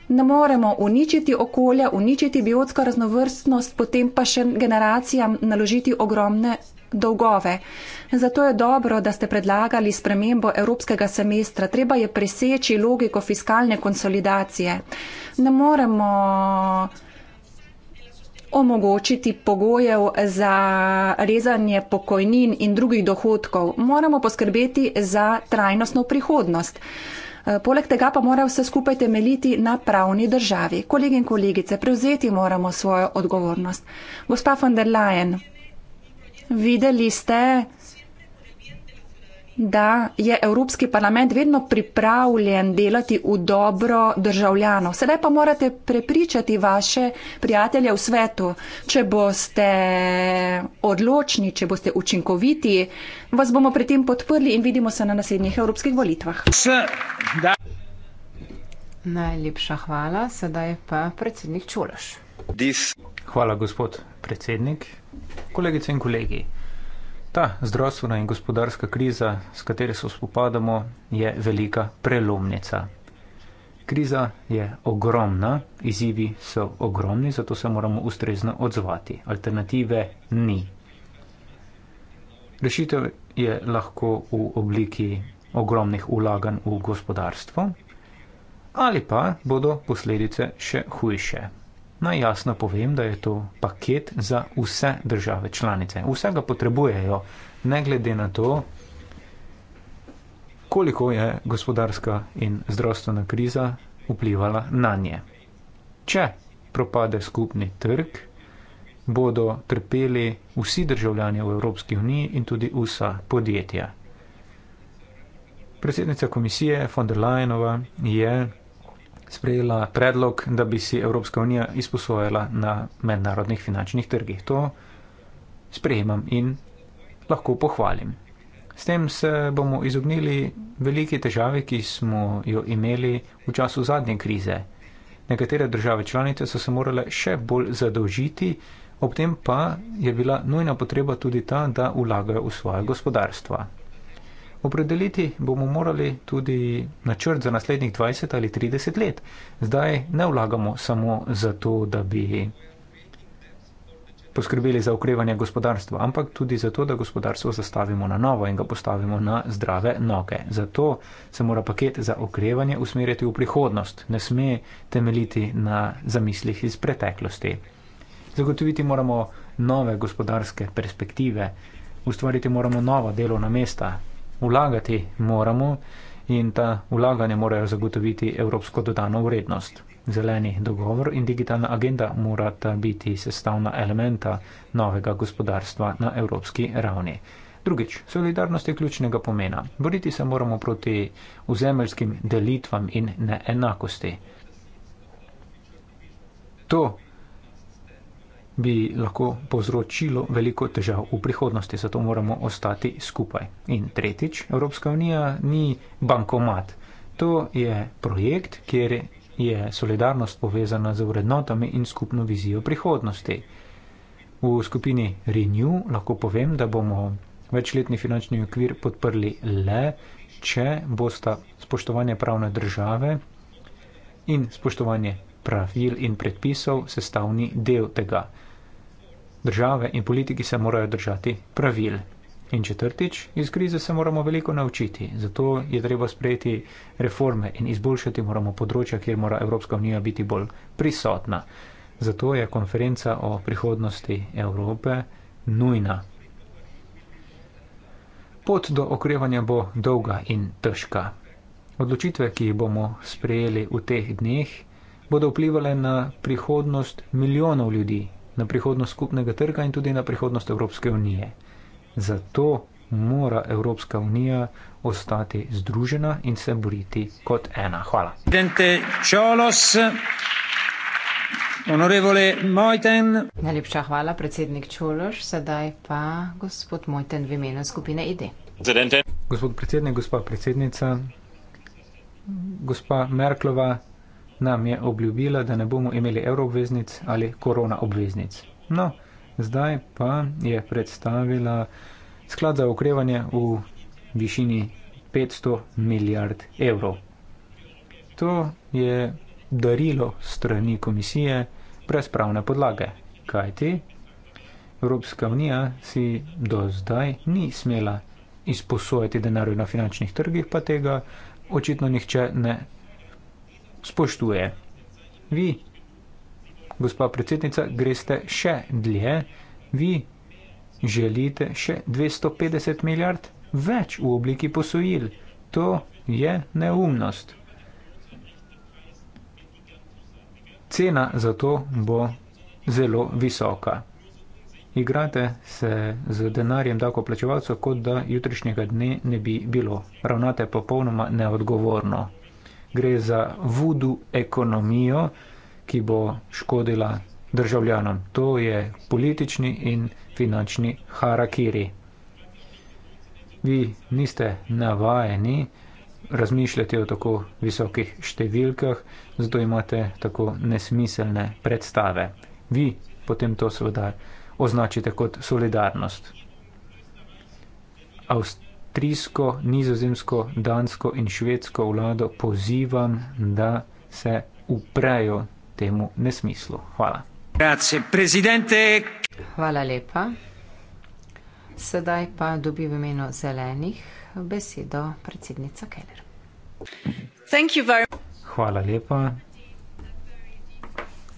ne moremo uničiti okolja, uničiti biotsko raznovrstnost, potem pa še generacijam naložiti ogromne dolgove. Zato je dobro, da ste predlagali spremembo evropskega semestra. Treba je preseči logiko fiskalne konsolidacije. Ne moremo omogočiti pogojev za rezanje pokojnin in drugih dohodkov. Moramo poskrbeti za trajnostno prihodnost. Eh, poleg tega pa mora vse skupaj temeljiti na pravni državi. Kolegi in kolegice, prevzeti moramo svojo odgovornost. Gospa von der Leyen, videli ste da je Evropski parlament vedno pripravljen delati v dobro državljano. Sedaj pa morate prepričati vaše prijatelje v svetu, če boste odločni, če boste učinkoviti, vas bomo pri tem podprli in vidimo se na naslednjih evropskih volitvah. Najlepša hvala, sedaj pa predsednik Čulaš. Hvala, gospod predsednik. Kolegice in kolegi ta zdravstvena in gospodarska kriza, s kateri se spopadamo, je velika prelomnica. Kriza je ogromna, izzivi so ogromni, zato se moramo ustrezno odzvati. Alternative ni. Rešitev je lahko v obliki ogromnih ulaganj v gospodarstvo ali pa bodo posledice še hujše. Naj jasno povem, da je to paket za vse države članice. Vse ga potrebujejo, ne glede na to, koliko je gospodarska in zdravstvena kriza vplivala na nje. Če propade skupni trg, bodo trpeli vsi državljani v Evropski uniji in tudi vsa podjetja. Predsednica komisije von der Leyenova je sprejela predlog, da bi si Evropska unija izposojala na mednarodnih finančnih trgih. To sprejemam in lahko pohvalim. S tem se bomo izognili veliki težavi, ki smo jo imeli v času zadnje krize. Nekatere države članice so se morale še bolj zadolžiti, ob tem pa je bila nujna potreba tudi ta, da vlagajo v svoje gospodarstva. Opredeliti bomo morali tudi načrt za naslednjih 20 ali 30 let. Zdaj ne vlagamo samo zato, da bi poskrbeli za okrevanje gospodarstva, ampak tudi zato, da gospodarstvo zastavimo na novo in ga postavimo na zdrave noge. Zato se mora paket za okrevanje usmeriti v prihodnost, ne sme temeljiti na zamislih iz preteklosti. Zagotoviti moramo nove gospodarske perspektive, ustvariti moramo nova delovna mesta, vlagati moramo in ta vlaganja morajo zagotoviti evropsko dodano vrednost. Zeleni dogovor in digitalna agenda morata biti sestavna elementa novega gospodarstva na evropski ravni. Drugič, solidarnost je ključnega pomena. Boriti se moramo proti vzemeljskim delitvam in neenakosti. To bi lahko povzročilo veliko težav v prihodnosti, zato moramo ostati skupaj. In tretjič, Evropska unija ni bankomat. To je projekt, kjer je solidarnost povezana z vrednotami in skupno vizijo prihodnosti. V skupini Renew lahko povem, da bomo večletni finančni okvir podprli le, če bosta spoštovanje pravne države in spoštovanje pravil in predpisov sestavni del tega. Države in politiki se morajo držati pravil. In četrtič, iz krize se moramo veliko naučiti, zato je treba sprejeti reforme in izboljšati moramo področja, kjer mora Evropska unija biti bolj prisotna. Zato je konferenca o prihodnosti Evrope nujna. Pot do okrevanja bo dolga in težka. Odločitve, ki jih bomo sprejeli v teh dneh, bodo vplivali na prihodnost milijonov ljudi, na prihodnost skupnega trga in tudi na prihodnost Evropske unije. Zato mora Evropska unija ostati združena in se boriti kot ena. Hvala. Najlepša hvala, predsednik Čološ, sedaj pa gospod Mojten v imenu skupine ID. Gospod predsednik, gospa predsednica, gospa Merklova, nam je obljubila, da ne bomo imeli evroobveznic ali korona obveznic. No, zdaj pa je predstavila sklad za okrevanje v višini 500 milijard evrov. To je darilo strani komisije brez pravne podlage. Kaj ti? Evropska unija si do zdaj ni smela izposojati denarja na finančnih trgih, pa tega očitno nihče ne spoštuje. Vi, gospa predsednica, greste še dlje. Vi želite še 250 milijard več v obliki posojil. To je neumnost. Cena za to bo zelo visoka. Igrate se z denarjem davkoplačevalcev, kot da jutrišnjega dne ne bi bilo. Ravnate popolnoma neodgovorno gre za vudu ekonomijo, ki bo škodila državljanom. To je politični in finančni harakiri. Vi niste navajeni razmišljati o tako visokih številkah, zato imate tako nesmiselne predstave. Vi potem to seveda označite kot solidarnost. Avst avstrijsko, nizozemsko, dansko in švedsko vlado pozivam, da se uprejo temu nesmislu. Hvala. Hvala lepa. Sedaj pa dobi v imenu zelenih besedo predsednica Keller. Hvala lepa.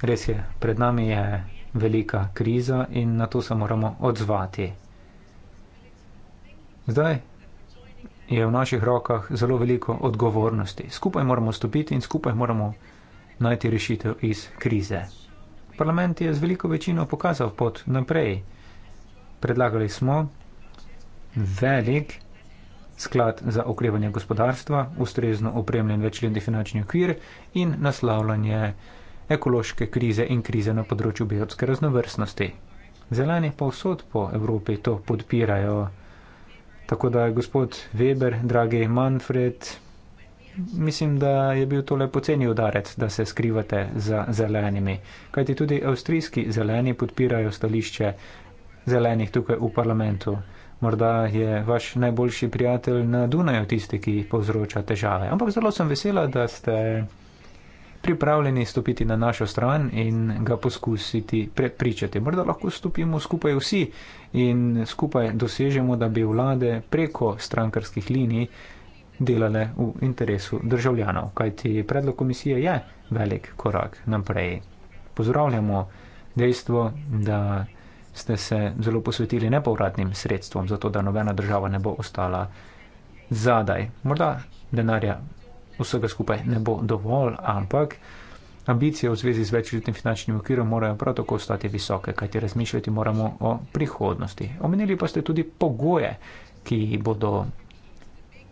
Res je, pred nami je velika kriza in na to se moramo odzvati. Zdaj, je v naših rokah zelo veliko odgovornosti. Skupaj moramo stopiti in skupaj moramo najti rešitev iz krize. Parlament je z veliko večino pokazal pot naprej. Predlagali smo velik sklad za okrevanje gospodarstva, ustrezno opremljen večletni finančni okvir in naslavljanje ekološke krize in krize na področju biotske raznovrstnosti. Zeleni pa vsod po Evropi to podpirajo. Tako da, gospod Weber, dragi Manfred, mislim, da je bil tole poceni udarec, da se skrivate za zelenimi. Kajti tudi avstrijski zeleni podpirajo stališče zelenih tukaj v parlamentu. Morda je vaš najboljši prijatelj na Dunaju tisti, ki povzroča težave. Ampak zelo sem vesela, da ste pripravljeni stopiti na našo stran in ga poskusiti prepričati. Morda lahko stopimo skupaj vsi in skupaj dosežemo, da bi vlade preko strankarskih linij delale v interesu državljanov, kajti predlog komisije je velik korak naprej. Pozdravljamo dejstvo, da ste se zelo posvetili nepovratnim sredstvom, zato da nobena država ne bo ostala zadaj. Morda denarja vsega skupaj ne bo dovolj, ampak ambicije v zvezi z večletnim finančnim okvirom morajo prav tako ostati visoke, kajti razmišljati moramo o prihodnosti. Omenili pa ste tudi pogoje, ki bodo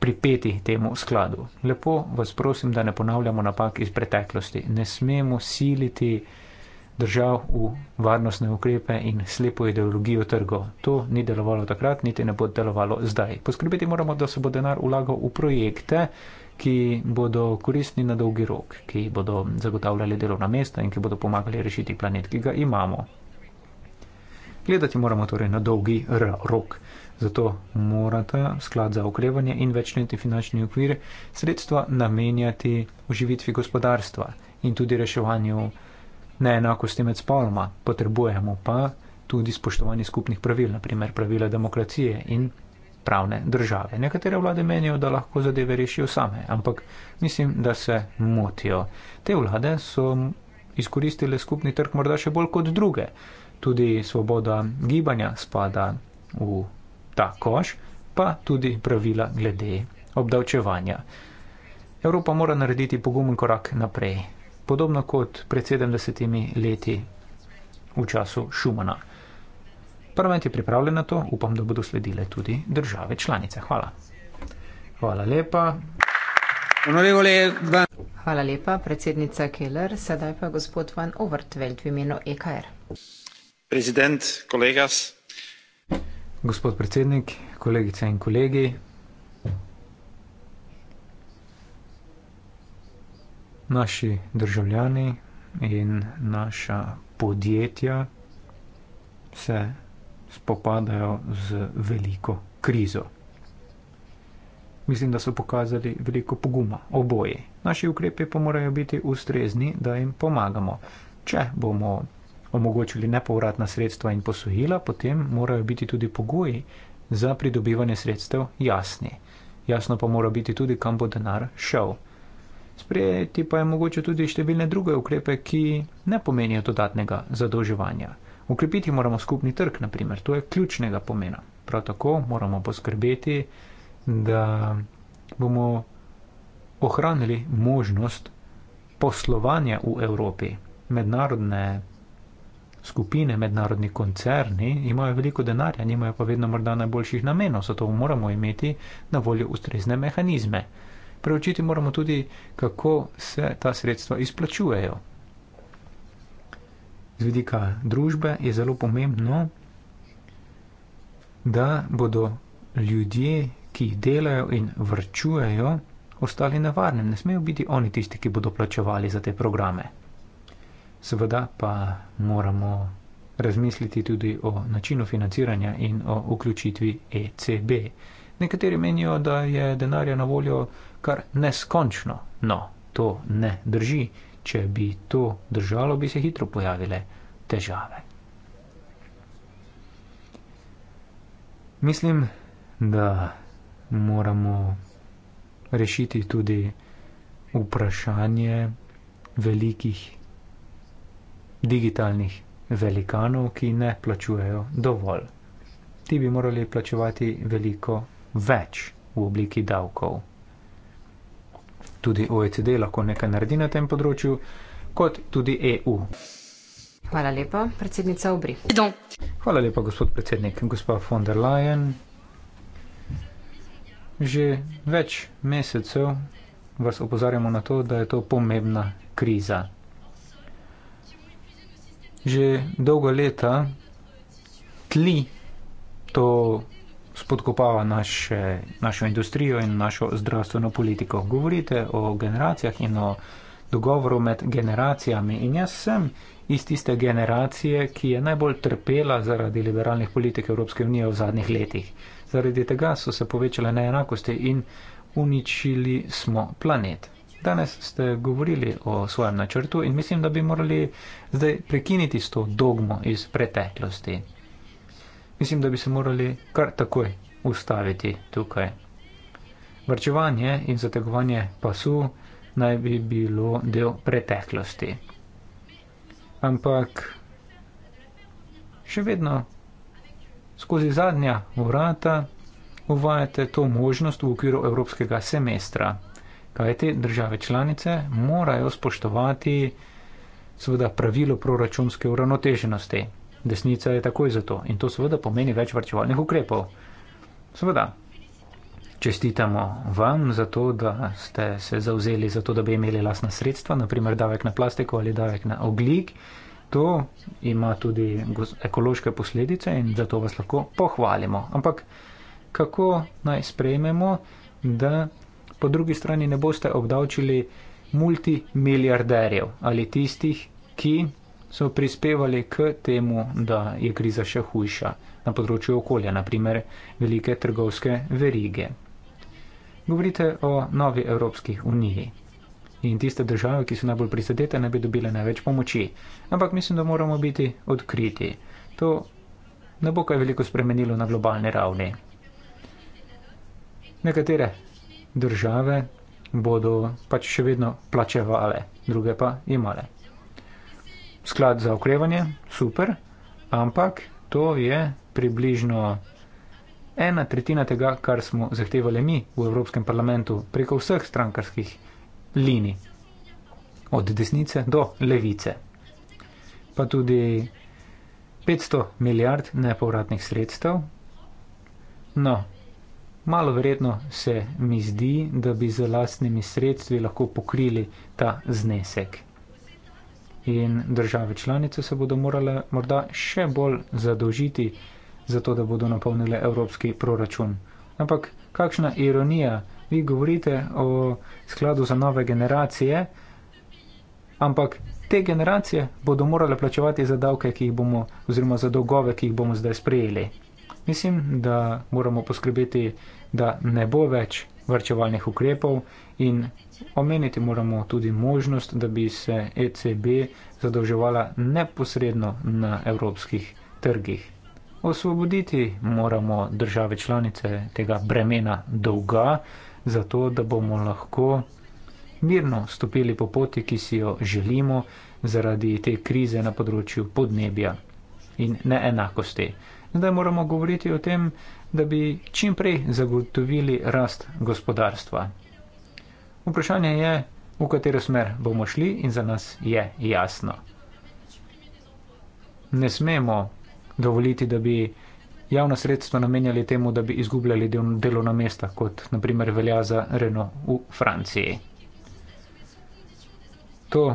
pripeti temu skladu. Lepo vas prosim, da ne ponavljamo napak iz preteklosti. Ne smemo siliti držav v varnostne ukrepe in slepo ideologijo trgov. To ni delovalo takrat, niti ne bo delovalo zdaj. Poskrbeti moramo, da se bo denar vlagal v projekte, ki bodo koristni na dolgi rok, ki bodo zagotavljali delovna mesta in ki bodo pomagali rešiti planet, ki ga imamo. Gledati moramo torej na dolgi rok. Zato morata sklad za okrevanje in večletni finančni okvir sredstva namenjati oživitvi gospodarstva in tudi reševanju neenakosti med spoloma. Potrebujemo pa tudi spoštovanje skupnih pravil, naprimer pravila demokracije in pravne države. Nekatere vlade menijo, da lahko zadeve rešijo same, ampak mislim, da se motijo. Te vlade so izkoristile skupni trg morda še bolj kot druge. Tudi svoboda gibanja spada v ta koš, pa tudi pravila glede obdavčevanja. Evropa mora narediti pogumen korak naprej, podobno kot pred 70 leti v času Šumana. Parlament je pripravljen na to, upam, da bodo sledile tudi države članice. Hvala. Hvala lepa. Hvala lepa, predsednica Keller. Sedaj pa gospod Van Overtveld v imenu EKR. Prezident, kolegas. Gospod predsednik, kolegice in kolegi. Naši državljani in naša podjetja se spopadajo z veliko krizo. Mislim, da so pokazali veliko poguma, oboje. Naši ukrepi pa morajo biti ustrezni, da jim pomagamo. Če bomo omogočili nepovratna sredstva in posojila, potem morajo biti tudi pogoji za pridobivanje sredstev jasni. Jasno pa mora biti tudi, kam bo denar šel. Sprejeti pa je mogoče tudi številne druge ukrepe, ki ne pomenijo dodatnega zadolževanja. Ukrepiti moramo skupni trg, naprimer, to je ključnega pomena. Prav tako moramo poskrbeti, da bomo ohranili možnost poslovanja v Evropi. Mednarodne skupine, mednarodni koncerni imajo veliko denarja, nimajo pa vedno morda najboljših namenov, zato moramo imeti na voljo ustrezne mehanizme. Preučiti moramo tudi, kako se ta sredstva izplačujejo z vidika družbe je zelo pomembno, da bodo ljudje, ki jih delajo in vrčujejo, ostali na varnem. Ne smejo biti oni tisti, ki bodo plačevali za te programe. Seveda pa moramo razmisliti tudi o načinu financiranja in o vključitvi ECB. Nekateri menijo, da je denarja na voljo kar neskončno. No, to ne drži če bi to držalo, bi se hitro pojavile težave. Mislim, da moramo rešiti tudi vprašanje velikih digitalnih velikanov, ki ne plačujejo dovolj. Ti bi morali plačevati veliko več v obliki davkov tudi OECD lahko nekaj naredi na tem področju, kot tudi EU. Hvala lepa, predsednica Obri. Hvala lepa, gospod predsednik. Gospa von der Leyen, že več mesecev vas opozarjamo na to, da je to pomembna kriza. Že dolgo leta tli to spodkopava naš, našo industrijo in našo zdravstveno politiko. Govorite o generacijah in o dogovoru med generacijami. In jaz sem iz tiste generacije, ki je najbolj trpela zaradi liberalnih politik Evropske unije v zadnjih letih. Zaradi tega so se povečale neenakosti in uničili smo planet. Danes ste govorili o svojem načrtu in mislim, da bi morali zdaj prekiniti s to dogmo iz preteklosti. Mislim, da bi se morali kar takoj ustaviti tukaj. Vrčevanje in zategovanje pasu naj bi bilo del preteklosti. Ampak še vedno skozi zadnja vrata uvajate to možnost v okviru evropskega semestra. Kaj te države članice morajo spoštovati seveda pravilo proračunske uravnoteženosti desnica je takoj za to. In to seveda pomeni več varčevalnih ukrepov. Seveda, čestitamo vam za to, da ste se zauzeli za to, da bi imeli lasna sredstva, naprimer davek na plastiko ali davek na oglik. To ima tudi ekološke posledice in zato vas lahko pohvalimo. Ampak kako naj sprejmemo, da po drugi strani ne boste obdavčili multimiliarderjev ali tistih, ki so prispevali k temu, da je kriza še hujša na področju okolja, naprimer velike trgovske verige. Govorite o novi Evropski uniji in tiste države, ki so najbolj prizadete, ne bi dobile največ pomoči. Ampak mislim, da moramo biti odkriti. To ne bo kaj veliko spremenilo na globalni ravni. Nekatere države bodo pač še vedno plačevale, druge pa imale sklad za okrevanje, super, ampak to je približno ena tretjina tega, kar smo zahtevali mi v Evropskem parlamentu preko vseh strankarskih linij, od desnice do levice. Pa tudi 500 milijard nepovratnih sredstev. No, malo verjetno se mi zdi, da bi z lastnimi sredstvi lahko pokrili ta znesek in države članice se bodo morale morda še bolj zadolžiti, zato da bodo napolnile evropski proračun. Ampak kakšna ironija, vi govorite o skladu za nove generacije, ampak te generacije bodo morale plačevati za davke, ki jih bomo, oziroma za dolgove, ki jih bomo zdaj sprejeli. Mislim, da moramo poskrbeti, da ne bo več vrčevalnih ukrepov in omeniti moramo tudi možnost, da bi se ECB zadolževala neposredno na evropskih trgih. Osvoboditi moramo države članice tega bremena dolga, zato da bomo lahko mirno stopili po poti, ki si jo želimo zaradi te krize na področju podnebja in neenakosti. Zdaj moramo govoriti o tem, da bi čim prej zagotovili rast gospodarstva. Vprašanje je, v katero smer bomo šli in za nas je jasno. Ne smemo dovoliti, da bi javno sredstvo namenjali temu, da bi izgubljali delovna mesta, kot naprimer velja za Renault v Franciji. To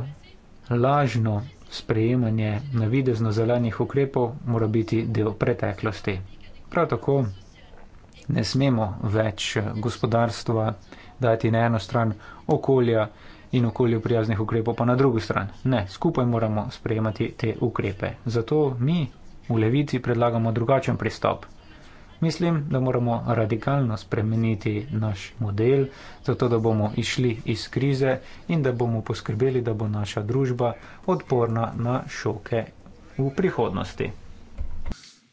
lažno sprejemanje navidezno zelenih ukrepov mora biti del preteklosti. Prav tako ne smemo več eh, gospodarstva dati na eno stran okolja in okolju prijaznih ukrepov pa na drugo stran. Ne, skupaj moramo sprejemati te ukrepe. Zato mi v levici predlagamo drugačen pristop. Mislim, da moramo radikalno spremeniti naš model, zato da bomo išli iz krize in da bomo poskrbeli, da bo naša družba odporna na šoke v prihodnosti.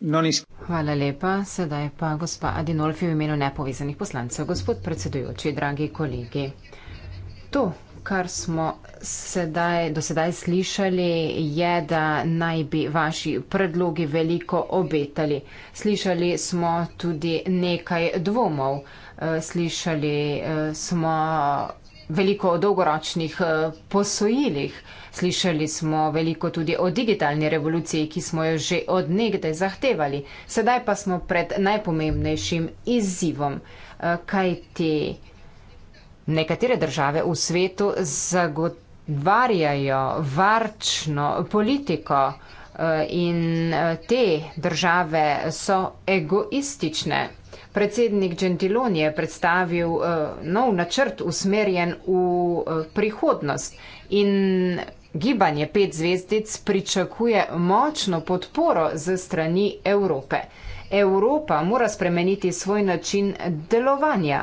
Hvala lepa. Sedaj pa gospa Adinolfi v imenu nepovezanih poslancev. Gospod predsedujoči, dragi kolegi. To, kar smo sedaj, do sedaj slišali, je, da naj bi vaši predlogi veliko obetali. Slišali smo tudi nekaj dvomov. Eh, slišali eh, smo veliko o dolgoročnih eh, posojilih. Slišali smo veliko tudi o digitalni revoluciji, ki smo jo že odnegde zahtevali. Sedaj pa smo pred najpomembnejšim izzivom, eh, kaj ti nekatere države v svetu zagotvarjajo varčno politiko eh, in te države so egoistične. Predsednik Gentiloni je predstavil uh, nov načrt usmerjen v uh, prihodnost in gibanje pet zvezdic pričakuje močno podporo ze strani Evrope. Evropa mora spremeniti svoj način delovanja,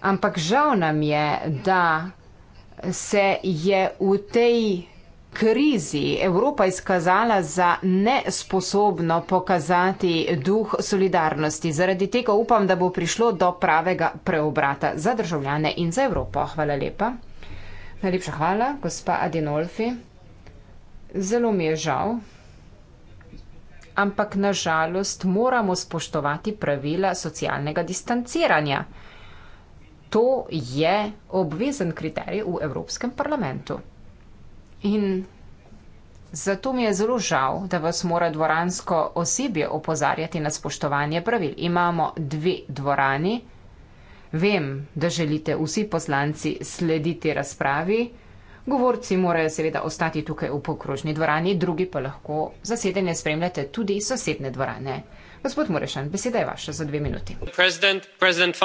ampak žal nam je, da se je v tej krizi Evropa izkazala za nesposobno pokazati duh solidarnosti. Zaradi tega upam, da bo prišlo do pravega preobrata za državljane in za Evropo. Hvala lepa. Najlepša hvala, gospa Adinolfi. Zelo mi je žal, ampak na žalost moramo spoštovati pravila socialnega distanciranja. To je obvezen kriterij v Evropskem parlamentu. In zato mi je zelo žal, da vas mora dvoransko osebje opozarjati na spoštovanje pravil. Imamo dve dvorani. Vem, da želite vsi poslanci slediti razpravi. Govorci morajo seveda ostati tukaj v pokrožni dvorani, drugi pa lahko zasedenje spremljate tudi iz sosedne dvorane. Gospod Murešan, beseda je vaša za dve minuti. President, president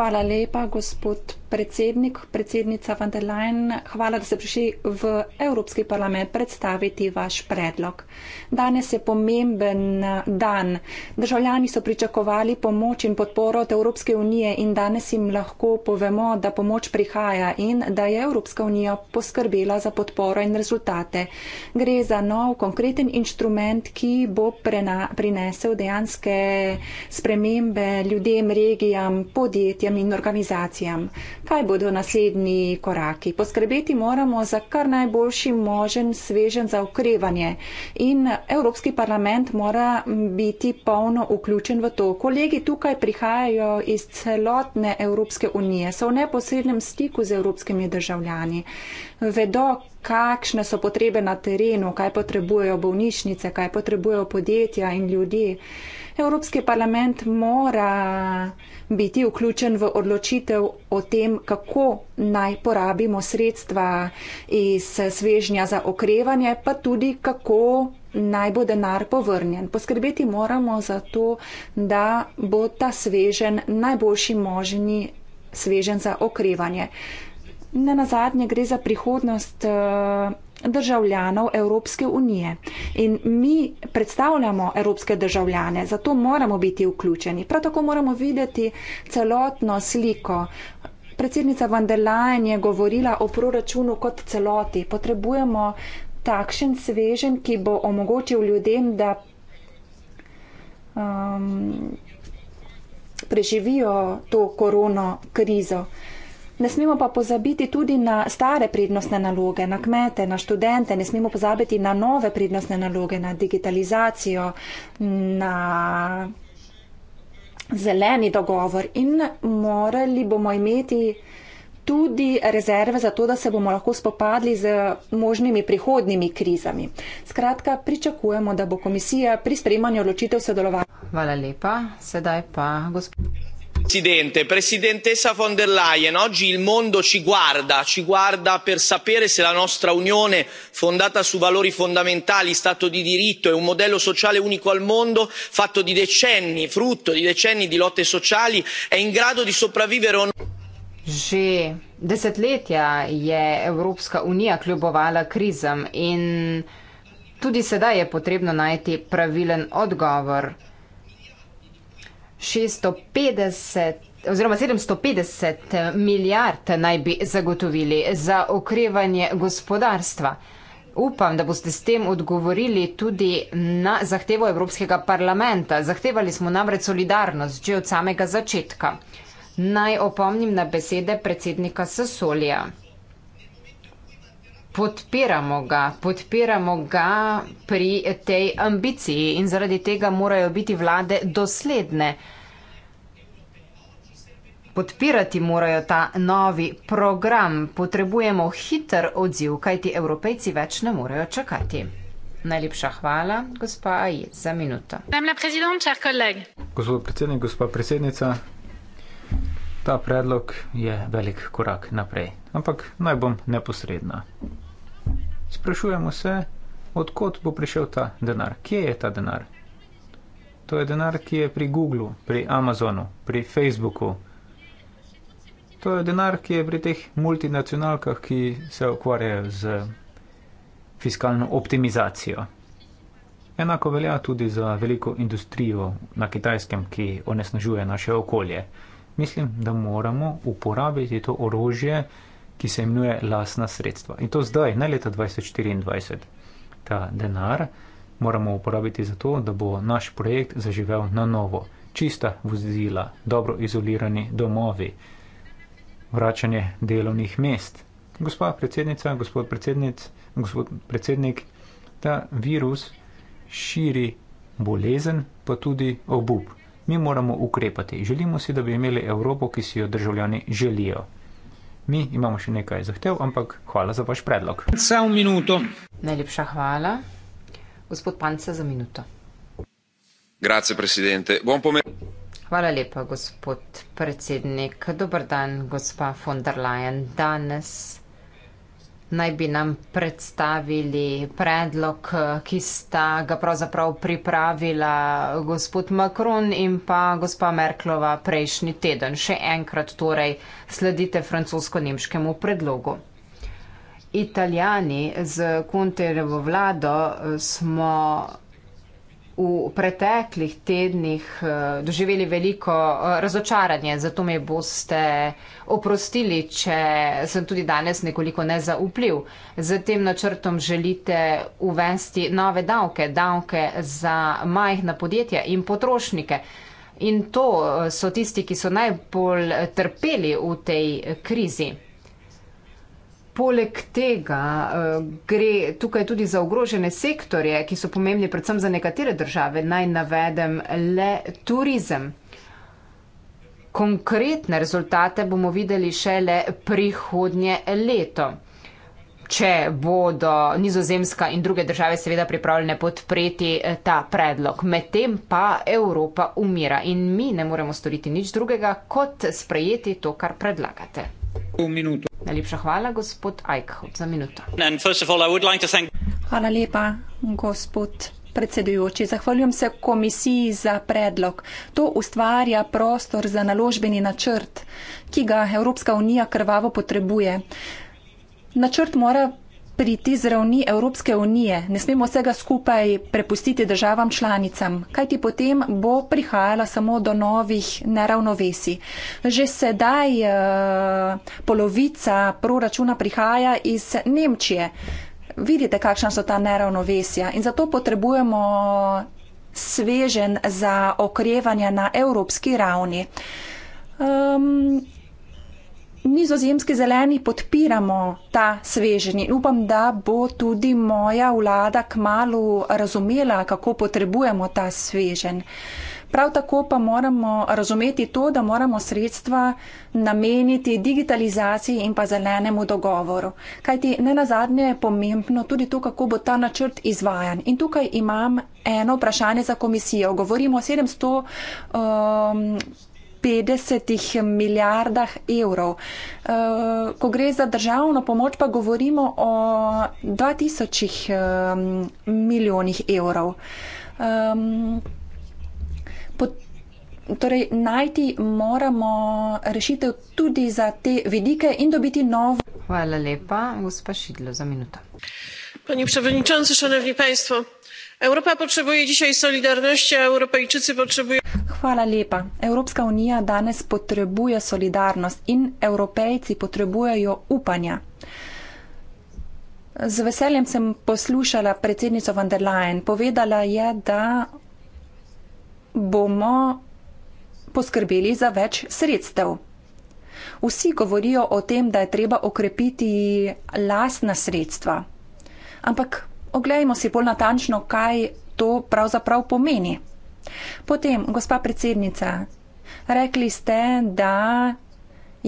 Hvala lepa, gospod predsednik, predsednica van der Leyen. Hvala, da ste prišli v Evropski parlament predstaviti vaš predlog. Danes je pomemben eh, dan. Državljani so pričakovali pomoč in podporo od Evropske unije in danes jim lahko povemo, da pomoč prihaja in da je Evropska unija poskrbela za podporo in rezultate. Gre za nov konkreten inštrument, ki bo prinesel dejanske spremembe ljudem, regijam, podjetjem podjetjem in organizacijam. Kaj bodo naslednji koraki? Poskrbeti moramo za kar najboljši možen svežen za okrevanje in Evropski parlament mora biti polno vključen v to. Kolegi tukaj prihajajo iz celotne Evropske unije, so v neposrednem stiku z evropskimi državljani. Vedo, kakšne so potrebe na terenu, kaj potrebujejo bolnišnice, kaj potrebujejo podjetja in ljudje. Evropski parlament mora biti vključen v odločitev o tem, kako naj porabimo sredstva iz svežnja za okrevanje, pa tudi kako naj bo denar povrnjen. Poskrbeti moramo za to, da bo ta svežen najboljši možni svežen za okrevanje ne na zadnje gre za prihodnost eh, državljanov Evropske unije. In mi predstavljamo evropske državljane, zato moramo biti vključeni. Prav tako moramo videti celotno sliko. Predsednica von der Leyen je govorila o proračunu kot celoti. Potrebujemo takšen svežen, ki bo omogočil ljudem, da um, preživijo to korono krizo. Uh, Ne smemo pa pozabiti tudi na stare prednostne naloge, na kmete, na študente, ne smemo pozabiti na nove prednostne naloge, na digitalizacijo, na zeleni dogovor in morali bomo imeti tudi rezerve za to, da se bomo lahko spopadli z možnimi prihodnimi krizami. Skratka, pričakujemo, da bo komisija pri sprejemanju odločitev sodelovala. Hvala lepa. Sedaj pa gospod presidente presidentessa von der leyen oggi il mondo ci guarda ci guarda per sapere se la nostra unione fondata su valori fondamentali stato di diritto e un modello sociale unico al mondo fatto di decenni frutto di decenni di lotte sociali è in grado di sopravvivere o no. Že desetletja je Evropska unija kljubovala krizam in tudi sedaj je potrebno najti pravilen odgovor 650 oziroma 750 milijard naj bi zagotovili za okrevanje gospodarstva. Upam, da boste s tem odgovorili tudi na zahtevo Evropskega parlamenta. Zahtevali smo namreč solidarnost že od samega začetka. Naj opomnim na besede predsednika Sasolija podpiramo ga, podpiramo ga pri tej ambiciji in zaradi tega morajo biti vlade dosledne. Podpirati morajo ta novi program. Potrebujemo hiter odziv, kajti evropejci več ne morejo čakati. Najlepša hvala, gospa Ajit, za minuto. Gospod predsednik, gospa predsednica, ta predlog je velik korak naprej, ampak naj bom neposredna. Sprašujemo se, odkot bo prišel ta denar, kje je ta denar. To je denar, ki je pri Google, pri Amazonu, pri Facebooku. To je denar, ki je pri teh multinacionalkah, ki se ukvarjajo z fiskalno optimizacijo. Enako velja tudi za veliko industrijo na kitajskem, ki onesnažuje naše okolje. Mislim, da moramo uporabiti to orožje, ki se imenuje lasna sredstva. In to zdaj, ne leta 2024. Ta denar moramo uporabiti za to, da bo naš projekt zaživel na novo. Čista vozila, dobro izolirani domovi, vračanje delovnih mest. Gospa predsednica, gospod, gospod predsednik, ta virus širi bolezen, pa tudi obup. Mi moramo ukrepati. Želimo si, da bi imeli Evropo, ki si jo državljani želijo mi imamo še nekaj zahtev, ampak hvala za vaš predlog. Samo minuto. Najlepša hvala. Gospod Panca za minuto. Grazie, presidente. Buon pomeriggio. Hvala lepa, gospod predsednik. Dobar dan, gospa von der Leyen. Danes naj bi nam predstavili predlog, ki sta ga pravzaprav pripravila gospod Macron in pa gospa Merklova prejšnji teden. Še enkrat torej sledite francosko-nemškemu predlogu. Italijani z Conterevo vlado smo v preteklih tednih eh, doživeli veliko eh, razočaranje, zato me boste oprostili, če sem tudi danes nekoliko nezaupljiv. Z tem načrtom želite uvesti nove davke, davke za majhna podjetja in potrošnike. In to eh, so tisti, ki so najbolj trpeli v tej krizi poleg tega eh, gre tukaj tudi za ogrožene sektorje, ki so pomembni predvsem za nekatere države. Naj navedem le turizem. Konkretne rezultate bomo videli šele prihodnje leto. Če bodo nizozemska in druge države seveda pripravljene podpreti eh, ta predlog. Medtem pa Evropa umira in mi ne moremo storiti nič drugega, kot sprejeti to, kar predlagate. Najlepša hvala, gospod Eichhoff, za minuto. All, like thank... Hvala lepa, gospod. Predsedujoči, zahvaljujem se komisiji za predlog. To ustvarja prostor za naložbeni načrt, ki ga Evropska unija krvavo potrebuje. Načrt mora priti z ravni Evropske unije, ne smemo vsega skupaj prepustiti državam članicam, kajti potem bo prihajala samo do novih neravnovesi. Že sedaj uh, polovica proračuna prihaja iz Nemčije. Vidite, kakšna so ta neravnovesja in zato potrebujemo svežen za okrevanje na evropski ravni. Um, Nizozemski zeleni podpiramo ta sveženj in upam, da bo tudi moja vlada k malu razumela, kako potrebujemo ta sveženj. Prav tako pa moramo razumeti to, da moramo sredstva nameniti digitalizaciji in pa zelenemu dogovoru. Kaj ti ne nazadnje je pomembno tudi to, kako bo ta načrt izvajan. In tukaj imam eno vprašanje za komisijo. Govorimo o 700. Um, 50 milijardah evrov. Eh, ko gre za državno pomoč, pa govorimo o 2000 milijonih evrov. Torej, najti moramo rešitev tudi za te vidike in dobiti novo. Hvala lepa, gospa Šidlo, za minuto. Panie przewodniczący, szanowni państwo. Evropa potrebuje zdaj solidarnosti, evropejčici potrebujejo. Hvala lepa. Evropska unija danes potrebuje solidarnost in evropejci potrebujejo upanja. Z veseljem sem poslušala predsednico von der Leyen. Povedala je, da bomo poskrbeli za več sredstev. Vsi govorijo o tem, da je treba okrepiti lasna sredstva. Ampak Oglejmo si bolj natančno, kaj to pravzaprav pomeni. Potem, gospa predsednica, rekli ste, da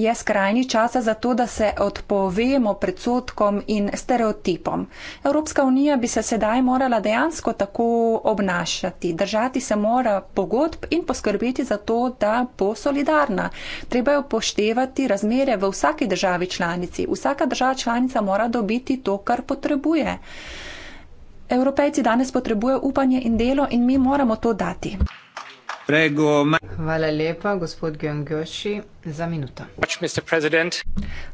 je skrajni čas za to, da se odpovemo predsotkom in stereotipom. Evropska unija bi se sedaj morala dejansko tako obnašati. Držati se mora pogodb in poskrbeti za to, da bo solidarna. Treba je upoštevati razmere v vsaki državi članici. Vsaka država članica mora dobiti to, kar potrebuje. Evropejci danes potrebujejo upanje in delo in mi moramo to dati. Hvala lepa, gospod Gjongjoši, za minuto.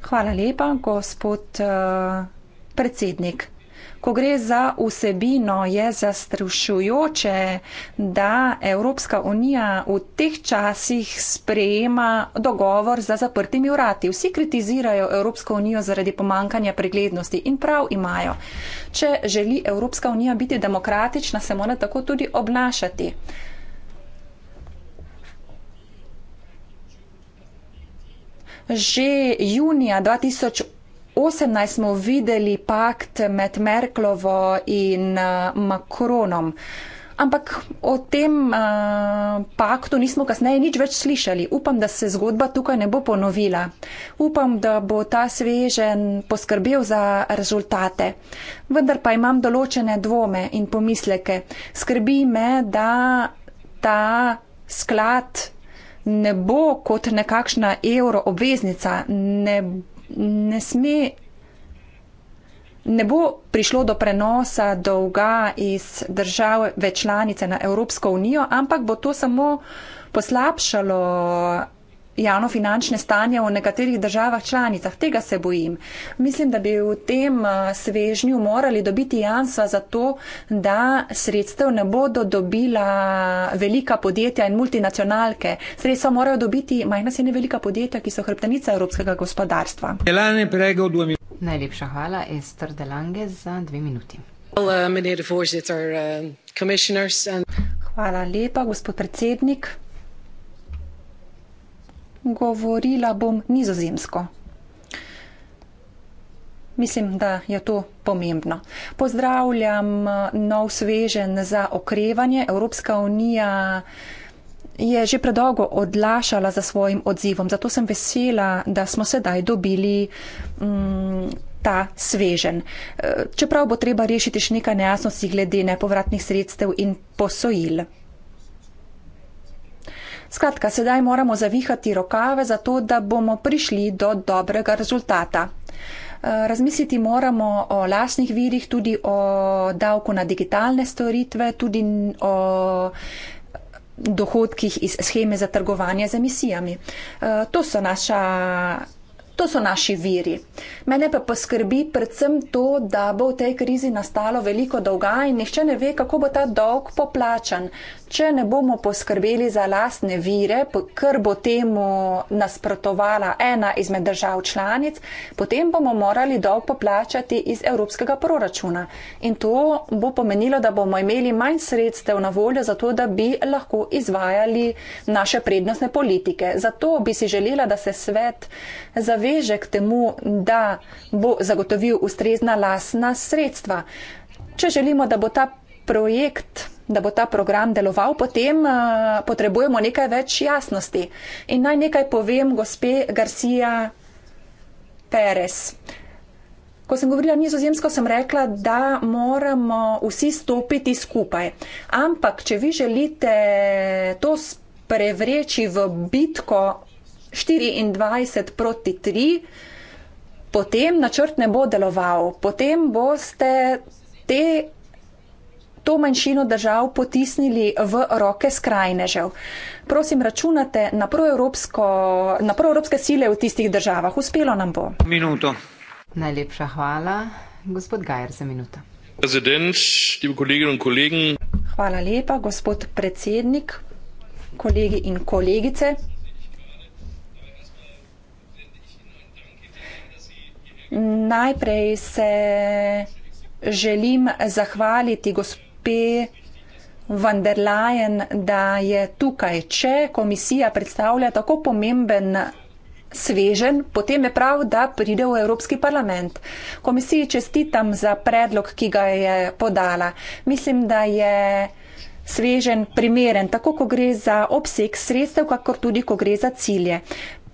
Hvala lepa, gospod uh, predsednik ko gre za vsebino, je zastrašujoče, da Evropska unija v teh časih sprejema dogovor za zaprtimi vrati. Vsi kritizirajo Evropsko unijo zaradi pomankanja preglednosti in prav imajo. Če želi Evropska unija biti demokratična, se mora tako tudi obnašati. Že junija 2008. 2018 smo videli pakt med Merklovo in eh, Makronom. Ampak o tem uh, paktu nismo kasneje nič več slišali. Upam, da se zgodba tukaj ne bo ponovila. Upam, da bo ta svežen poskrbel za rezultate. Vendar pa imam določene dvome in pomisleke. Skrbi me, da ta sklad ne bo kot nekakšna evro obveznica, ne ne sme, ne bo prišlo do prenosa dolga iz držav večlanice na Evropsko unijo, ampak bo to samo poslabšalo javnofinančne stanje v nekaterih državah članicah. Tega se bojim. Mislim, da bi v tem svežnju morali dobiti jansva za to, da sredstev ne bodo dobila velika podjetja in multinacionalke. Sredstva morajo dobiti majhna sene velika podjetja, ki so hrbtenica evropskega gospodarstva. Najlepša hvala, Ester Delange, za dve minuti. Uh, uh, hvala lepa, gospod predsednik. Govorila bom nizozemsko. Mislim, da je to pomembno. Pozdravljam eh, nov svežen za okrevanje. Evropska unija je že predolgo odlašala za svojim odzivom, zato sem vesela, da smo sedaj dobili mm, ta svežen. Eh, čeprav bo treba rešiti še nekaj nejasnosti glede nepovratnih sredstev in posojil. Skratka, sedaj moramo zavihati rokave, zato da bomo prišli do dobrega rezultata. Eh, razmisliti moramo o lasnih virih, tudi o davku na digitalne storitve, tudi o dohodkih iz scheme za trgovanje z emisijami. Eh, to so, naša, to so naši viri. Mene pa poskrbi predvsem to, da bo v tej krizi nastalo veliko dolga in nihče ne ve, kako bo ta dolg poplačan če ne bomo poskrbeli za lastne vire, ker bo temu nasprotovala ena izmed držav članic, potem bomo morali dolg poplačati iz evropskega proračuna. In to bo pomenilo, da bomo imeli manj sredstev na voljo za to, da bi lahko izvajali naše prednostne politike. Zato bi si želela, da se svet zaveže k temu, da bo zagotovil ustrezna lasna sredstva. Če želimo, da bo ta projekt da bo ta program deloval, potem uh, potrebujemo nekaj več jasnosti. In naj nekaj povem gospe Garcia Perez. Ko sem govorila nizozemsko, sem rekla, da moramo vsi stopiti skupaj. Ampak, če vi želite to prevreči v bitko 24 proti 3, potem načrt ne bo deloval. Potem boste te to manjšino držav potisnili v roke skrajnežev. Prosim, računate na, na proevropske sile v tistih državah. Uspelo nam bo. Minuto. Najlepša hvala, gospod Gajer, za minuto. Hvala lepa, gospod predsednik, kolegi in kolegice. Najprej se želim zahvaliti gospodinu gospe von der Leyen, da je tukaj, če komisija predstavlja tako pomemben svežen, potem je prav, da pride v Evropski parlament. Komisiji čestitam za predlog, ki ga je podala. Mislim, da je svežen primeren, tako ko gre za obseg sredstev, kakor tudi ko gre za cilje.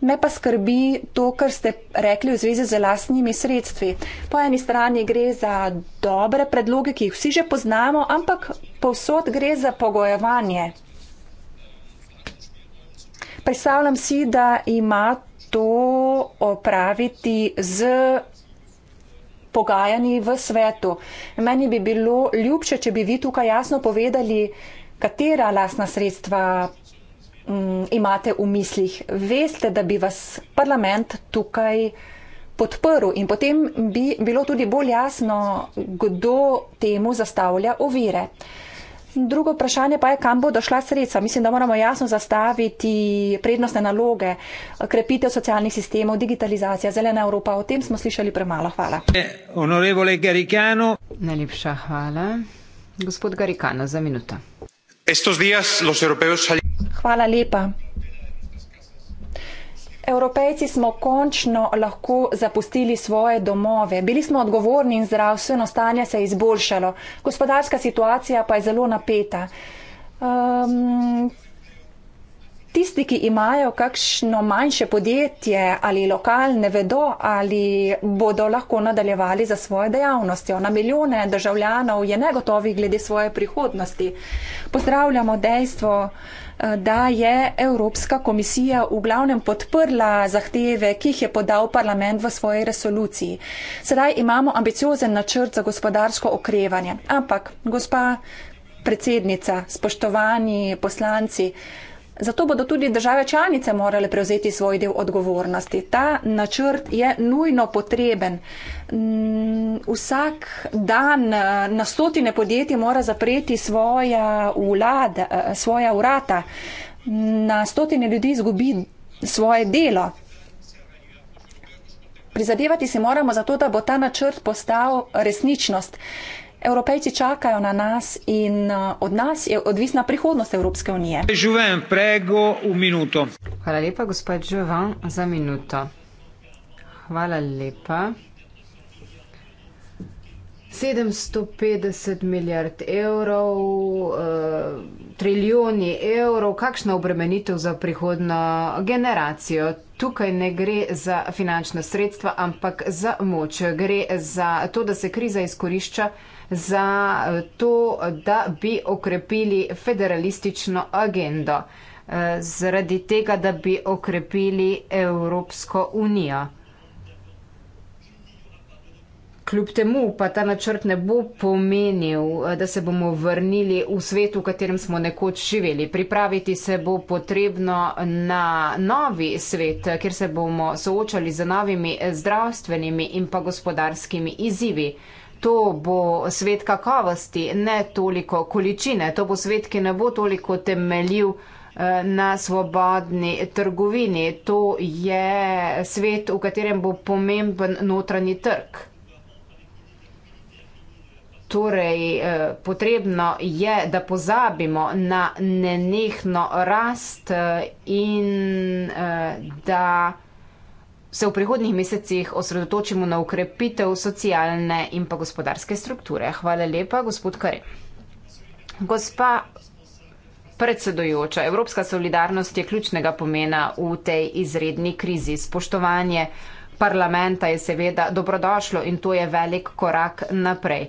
Me pa skrbi to, kar ste rekli v zvezi z lastnimi sredstvi. Po eni strani gre za dobre predloge, ki jih vsi že poznamo, ampak povsod gre za pogojevanje. Predstavljam si, da ima to opraviti z pogajanji v svetu. Meni bi bilo ljubše, če bi vi tukaj jasno povedali, katera lastna sredstva um, imate v mislih. Veste, da bi vas parlament tukaj podprl in potem bi bilo tudi bolj jasno, kdo temu zastavlja ovire. Drugo vprašanje pa je, kam bodo šla sredstva. Mislim, da moramo jasno zastaviti prednostne naloge, krepitev socialnih sistemov, digitalizacija, zelena Evropa. O tem smo slišali premalo. Hvala. Najlepša hvala. Gospod Garikano, za minuto estos días los europeos Hvala lepa. Evropejci smo končno lahko zapustili svoje domove. Bili smo odgovorni in zdravstveno stanje se je izboljšalo. Gospodarska situacija pa je zelo napeta. Um, tisti, ki imajo kakšno manjše podjetje ali lokal, ne vedo, ali bodo lahko nadaljevali za svojo dejavnostjo. Na milijone državljanov je negotovi glede svoje prihodnosti. Pozdravljamo dejstvo, eh, da je Evropska komisija v glavnem podprla zahteve, ki jih je podal parlament v svoji resoluciji. Sedaj imamo ambiciozen načrt za gospodarsko okrevanje. Ampak, gospa predsednica, spoštovani poslanci, Zato bodo tudi države članice morale prevzeti svoj del odgovornosti. Ta načrt je nujno potreben. Mm, vsak dan eh, na stotine podjetij mora zapreti svoja vlada, eh, svoja urata. Na stotine ljudi izgubi svoje delo. Prizadevati se moramo za to, da bo ta načrt postal resničnost. Evropejci čakajo na nas in eh, od nas je odvisna prihodnost Evropske unije. Živem prego v minuto. Hvala lepa, gospod Živan, za minuto. Hvala lepa. 750 milijard evrov, eh, trilijoni evrov, kakšna obremenitev za prihodno generacijo. Tukaj ne gre za finančna sredstva, ampak za moč. Gre za to, da se kriza izkorišča za eh, to, da bi okrepili federalistično agendo, eh, zaradi tega, da bi okrepili Evropsko unijo. Kljub temu pa ta načrt ne bo pomenil, eh, da se bomo vrnili v svet, v katerem smo nekoč živeli. Pripraviti se bo potrebno na novi svet, kjer se bomo soočali z novimi zdravstvenimi in pa gospodarskimi izzivi to bo svet kakovosti, ne toliko količine. To bo svet, ki ne bo toliko temeljiv eh, na svobodni trgovini. To je svet, v katerem bo pomemben notranji trg. Torej, eh, potrebno je, da pozabimo na nenehno rast eh, in da se v prihodnih mesecih osredotočimo na ukrepitev socialne in pa gospodarske strukture. Hvala lepa, gospod Kare. Gospa predsedojoča, evropska solidarnost je ključnega pomena v tej izredni krizi. Spoštovanje parlamenta je seveda dobrodošlo in to je velik korak naprej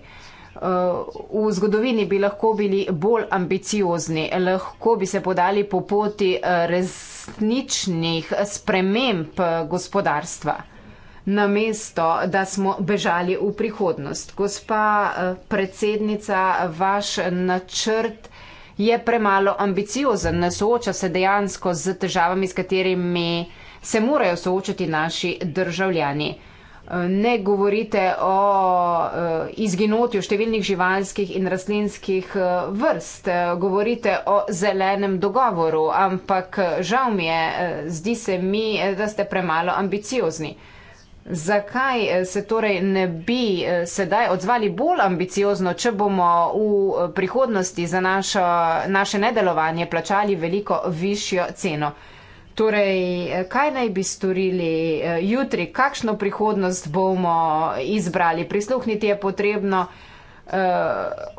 v zgodovini bi lahko bili bolj ambiciozni, lahko bi se podali po poti eh, resničnih sprememb eh, gospodarstva, namesto da smo bežali v prihodnost. Gospa eh, predsednica, vaš načrt je premalo ambiciozen, ne sooča se dejansko z težavami, s katerimi se morajo soočati naši državljani. Eh, ne govorite o eh, izginotju številnih živalskih in rastlinskih eh, vrst, govorite o zelenem dogovoru, ampak žal mi je, zdi se mi, da ste premalo ambiciozni. Zakaj se torej ne bi sedaj odzvali bolj ambiciozno, če bomo v prihodnosti za našo, naše nedelovanje plačali veliko višjo ceno? Torej, kaj naj bi storili eh, jutri, kakšno prihodnost bomo izbrali? Prisluhniti je potrebno uh,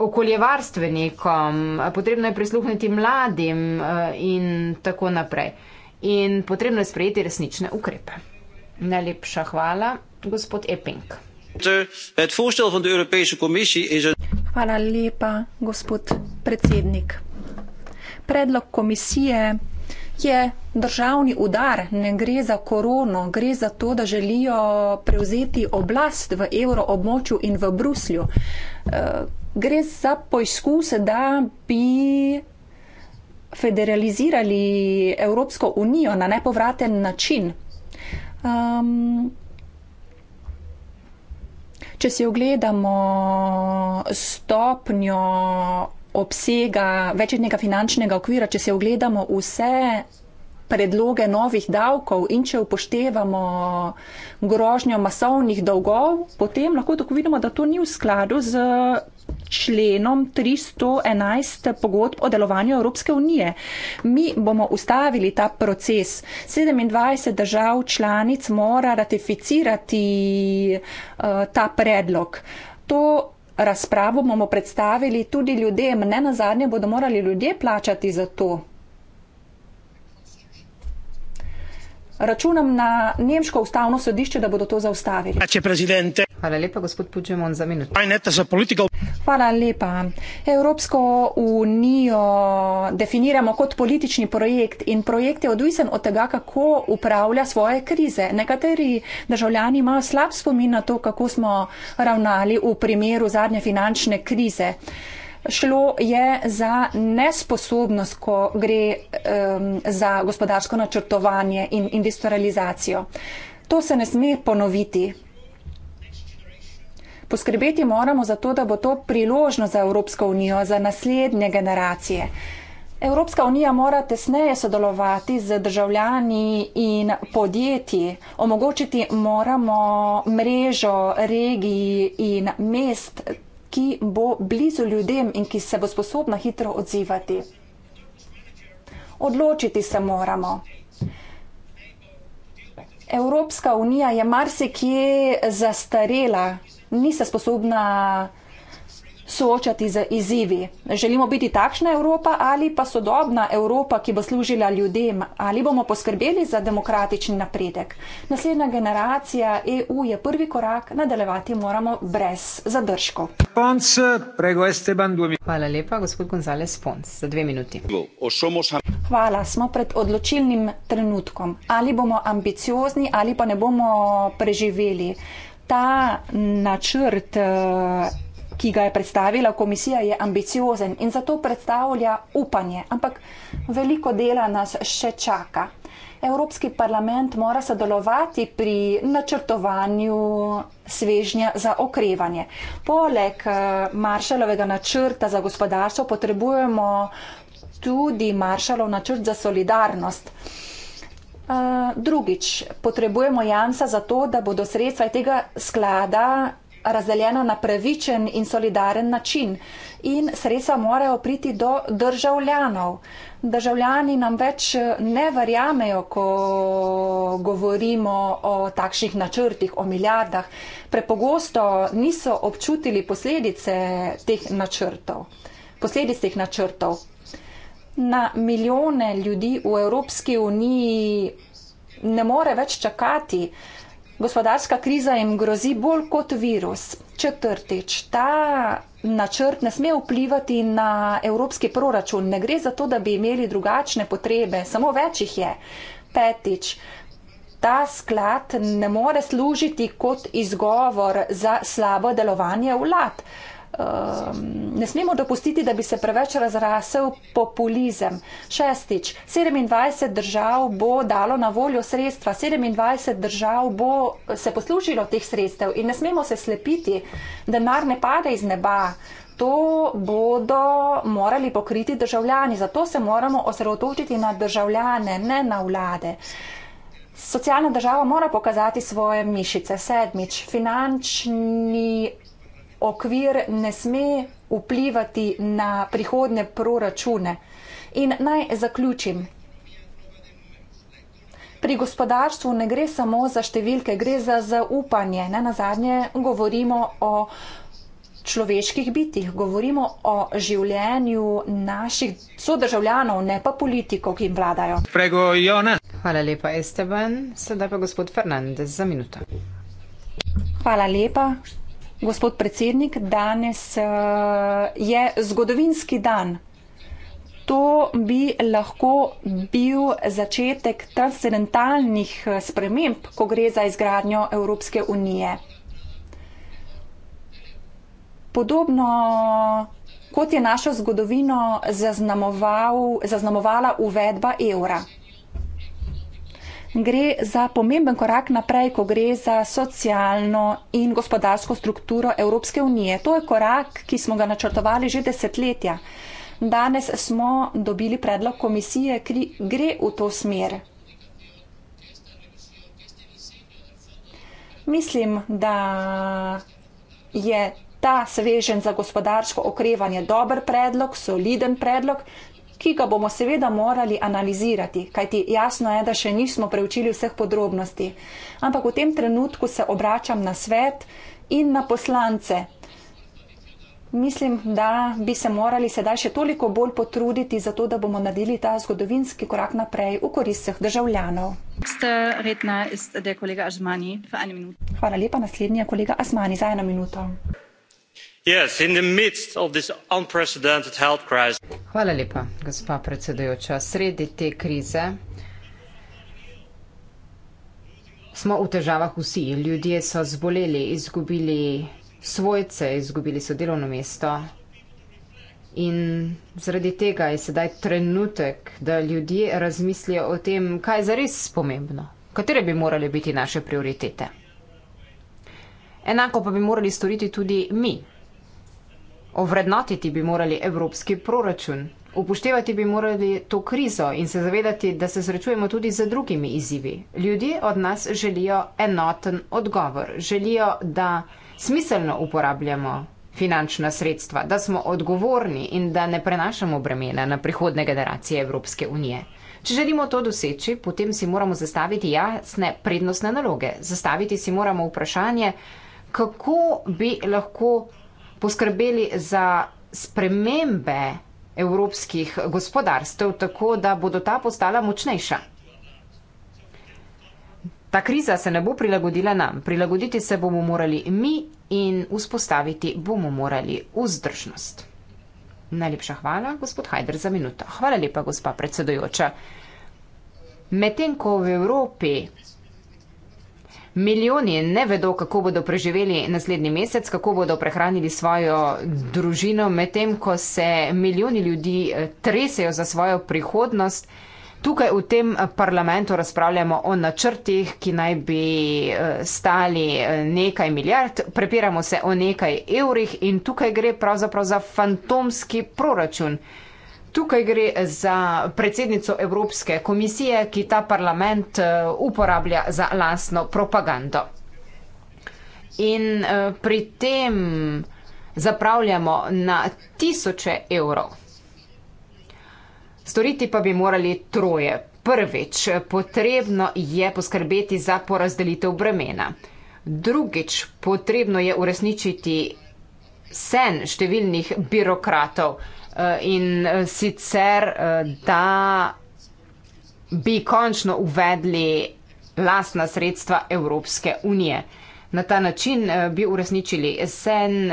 okoljevarstvenikom, potrebno je prisluhniti mladim uh, in tako naprej. In potrebno je sprejeti resnične ukrepe. Najlepša hvala, gospod Epping. Hvala lepa, gospod predsednik. Predlog komisije je državni udar, ne gre za korono, gre za to, da želijo prevzeti oblast v evroobmočju in v Bruslju. Eh, gre za poizkus, da bi federalizirali Evropsko unijo na nepovraten način. Um, če si ogledamo stopnjo obsega večetnega finančnega okvira, če se ogledamo vse predloge novih davkov in če upoštevamo grožnjo masovnih dolgov, potem lahko tako vidimo, da to ni v skladu z členom 311 pogodb o delovanju Evropske unije. Mi bomo ustavili ta proces. 27 držav članic mora ratificirati uh, ta predlog. To razpravo bomo predstavili tudi ljudem. Ne na zadnje bodo morali ljudje plačati za to. Računam na nemško ustavno sodišče, da bodo to zaustavili. Grazie, Hvala lepa, gospod Puđemon, za minuto. Hvala lepa. Evropsko unijo definiramo kot politični projekt in projekt je odvisen od tega, kako upravlja svoje krize. Nekateri državljani imajo slab spomin na to, kako smo ravnali v primeru zadnje finančne krize. Šlo je za nesposobnost, ko gre um, za gospodarsko načrtovanje in industrializacijo. To se ne sme ponoviti poskrbeti moramo za to, da bo to priložno za Evropsko unijo, za naslednje generacije. Evropska unija mora tesneje sodelovati z državljani in podjetji, omogočiti moramo mrežo regij in mest, ki bo blizu ljudem in ki se bo sposobna hitro odzivati. Odločiti se moramo. Evropska unija je marsikje zastarela, niste sposobna soočati z izzivi. Želimo biti takšna Evropa ali pa sodobna Evropa, ki bo služila ljudem ali bomo poskrbeli za demokratični napredek. Naslednja generacija EU je prvi korak, nadaljevati moramo brez zadržkov. Hvala lepa, gospod Gonzales Pons, za dve minuti. Hvala, smo pred odločilnim trenutkom. Ali bomo ambiciozni ali pa ne bomo preživeli ta načrt, eh, ki ga je predstavila komisija, je ambiciozen in zato predstavlja upanje. Ampak veliko dela nas še čaka. Evropski parlament mora sodelovati pri načrtovanju svežnja za okrevanje. Poleg eh, Maršalovega načrta za gospodarstvo potrebujemo tudi Maršalov načrt za solidarnost. Uh, Eh, drugič, potrebujemo Jansa za to, da bodo sredstva tega sklada razdeljena na pravičen in solidaren način. In sredstva morajo priti do državljanov. Državljani nam več eh, ne verjamejo, ko govorimo o takšnih načrtih, o milijardah. Prepogosto niso občutili posledice teh načrtov. Posledic teh načrtov na milijone ljudi v Evropski uniji ne more več čakati. Gospodarska kriza jim grozi bolj kot virus. Četrtič, ta načrt ne sme vplivati na evropski proračun. Ne gre za to, da bi imeli drugačne potrebe, samo več jih je. Petič, ta sklad ne more služiti kot izgovor za slabo delovanje vlad um, ne smemo dopustiti, da bi se preveč razrasel populizem. Šestič, 27 držav bo dalo na voljo sredstva, 27 držav bo se poslužilo teh sredstev in ne smemo se slepiti, denar ne pade iz neba. To bodo morali pokriti državljani, zato se moramo osredotočiti na državljane, ne na vlade. Socialna država mora pokazati svoje mišice. Sedmič, finančni okvir ne sme vplivati na prihodne proračune. In naj zaključim. Pri gospodarstvu ne gre samo za številke, gre za zaupanje. Ne na zadnje govorimo o človeških bitih, govorimo o življenju naših sodržavljanov, ne pa politikov, ki jim vladajo. Hvala lepa, Esteban. Sedaj pa gospod Fernandez za minuto. Hvala lepa gospod predsednik, danes eh, je zgodovinski dan. To bi lahko bil začetek transcendentalnih eh, sprememb, ko gre za izgradnjo Evropske unije. Podobno kot je našo zgodovino zaznamoval, zaznamovala uvedba evra gre za pomemben korak naprej, ko gre za socialno in gospodarsko strukturo Evropske unije. To je korak, ki smo ga načrtovali že desetletja. Danes smo dobili predlog komisije, ki gre v to smer. Mislim, da je ta svežen za gospodarsko okrevanje dober predlog, soliden predlog, ki ga bomo seveda morali analizirati, kajti jasno je, da še nismo preučili vseh podrobnosti. Ampak v tem trenutku se obračam na svet in na poslance. Mislim, da bi se morali sedaj še toliko bolj potruditi za to, da bomo naredili ta zgodovinski korak naprej v korist vseh državljanov. Hvala lepa, naslednji je kolega Asmani za eno minuto. Hvala lepa, gospa predsedujoča. Sredi te krize smo v težavah vsi. Ljudje so zboleli, izgubili svojce, izgubili so delovno mesto. In zaradi tega je sedaj trenutek, da ljudje razmislijo o tem, kaj je zares pomembno, katere bi morale biti naše prioritete. Enako pa bi morali storiti tudi mi, ovrednotiti bi morali evropski proračun. Upoštevati bi morali to krizo in se zavedati, da se srečujemo tudi z drugimi izzivi. Ljudje od nas želijo enoten odgovor, želijo, da smiselno uporabljamo finančna sredstva, da smo odgovorni in da ne prenašamo bremena na prihodne generacije Evropske unije. Če želimo to doseči, potem si moramo zastaviti jasne prednostne naloge. Zastaviti si moramo vprašanje, kako bi lahko poskrbeli za spremembe evropskih gospodarstv, tako da bodo ta postala močnejša. Ta kriza se ne bo prilagodila nam, prilagoditi se bomo morali mi in vzpostaviti bomo morali vzdržnost. Najlepša hvala, gospod Hajder, za minuto. Hvala lepa, gospa predsedujoča. Medtem ko v Evropi Milijoni ne vedo, kako bodo preživeli naslednji mesec, kako bodo prehranili svojo družino, medtem ko se milijoni ljudi eh, tresejo za svojo prihodnost. Tukaj v tem eh, parlamentu razpravljamo o načrtih, ki naj bi eh, stali nekaj milijard, prepiramo se o nekaj evrih in tukaj gre pravzaprav za fantomski proračun. Tukaj gre za predsednico Evropske komisije, ki ta parlament eh, uporablja za lasno propagando. In eh, pri tem zapravljamo na tisoče evrov. Storiti pa bi morali troje. Prvič, potrebno je poskrbeti za porazdelitev bremena. Drugič, potrebno je uresničiti sen številnih birokratov. Eh, in eh, sicer, eh, da bi končno uvedli lastna sredstva Evropske unije. Na ta način bi uresničili sen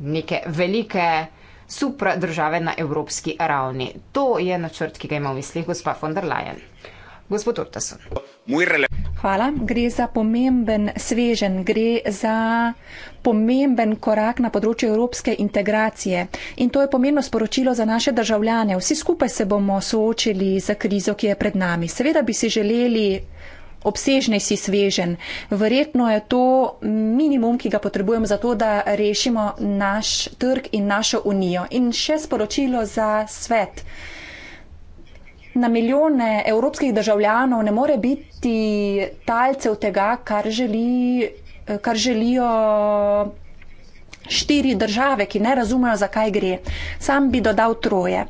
neke velike supra države na evropski ravni. To je načrt, ki ga ima v mislih gospa von der Leyen. Gospod Ortason. Hvala. Gre za pomemben svežen, gre za pomemben korak na področju evropske integracije. In to je pomembno sporočilo za naše državljane. Vsi skupaj se bomo soočili za krizo, ki je pred nami. Seveda bi si želeli obsežnej si svežen. Verjetno je to minimum, ki ga potrebujemo za to, da rešimo naš trg in našo unijo. In še sporočilo za svet na milijone evropskih državljanov ne more biti talcev tega, kar, želi, eh, kar želijo štiri države, ki ne razumejo, zakaj gre. Sam bi dodal troje.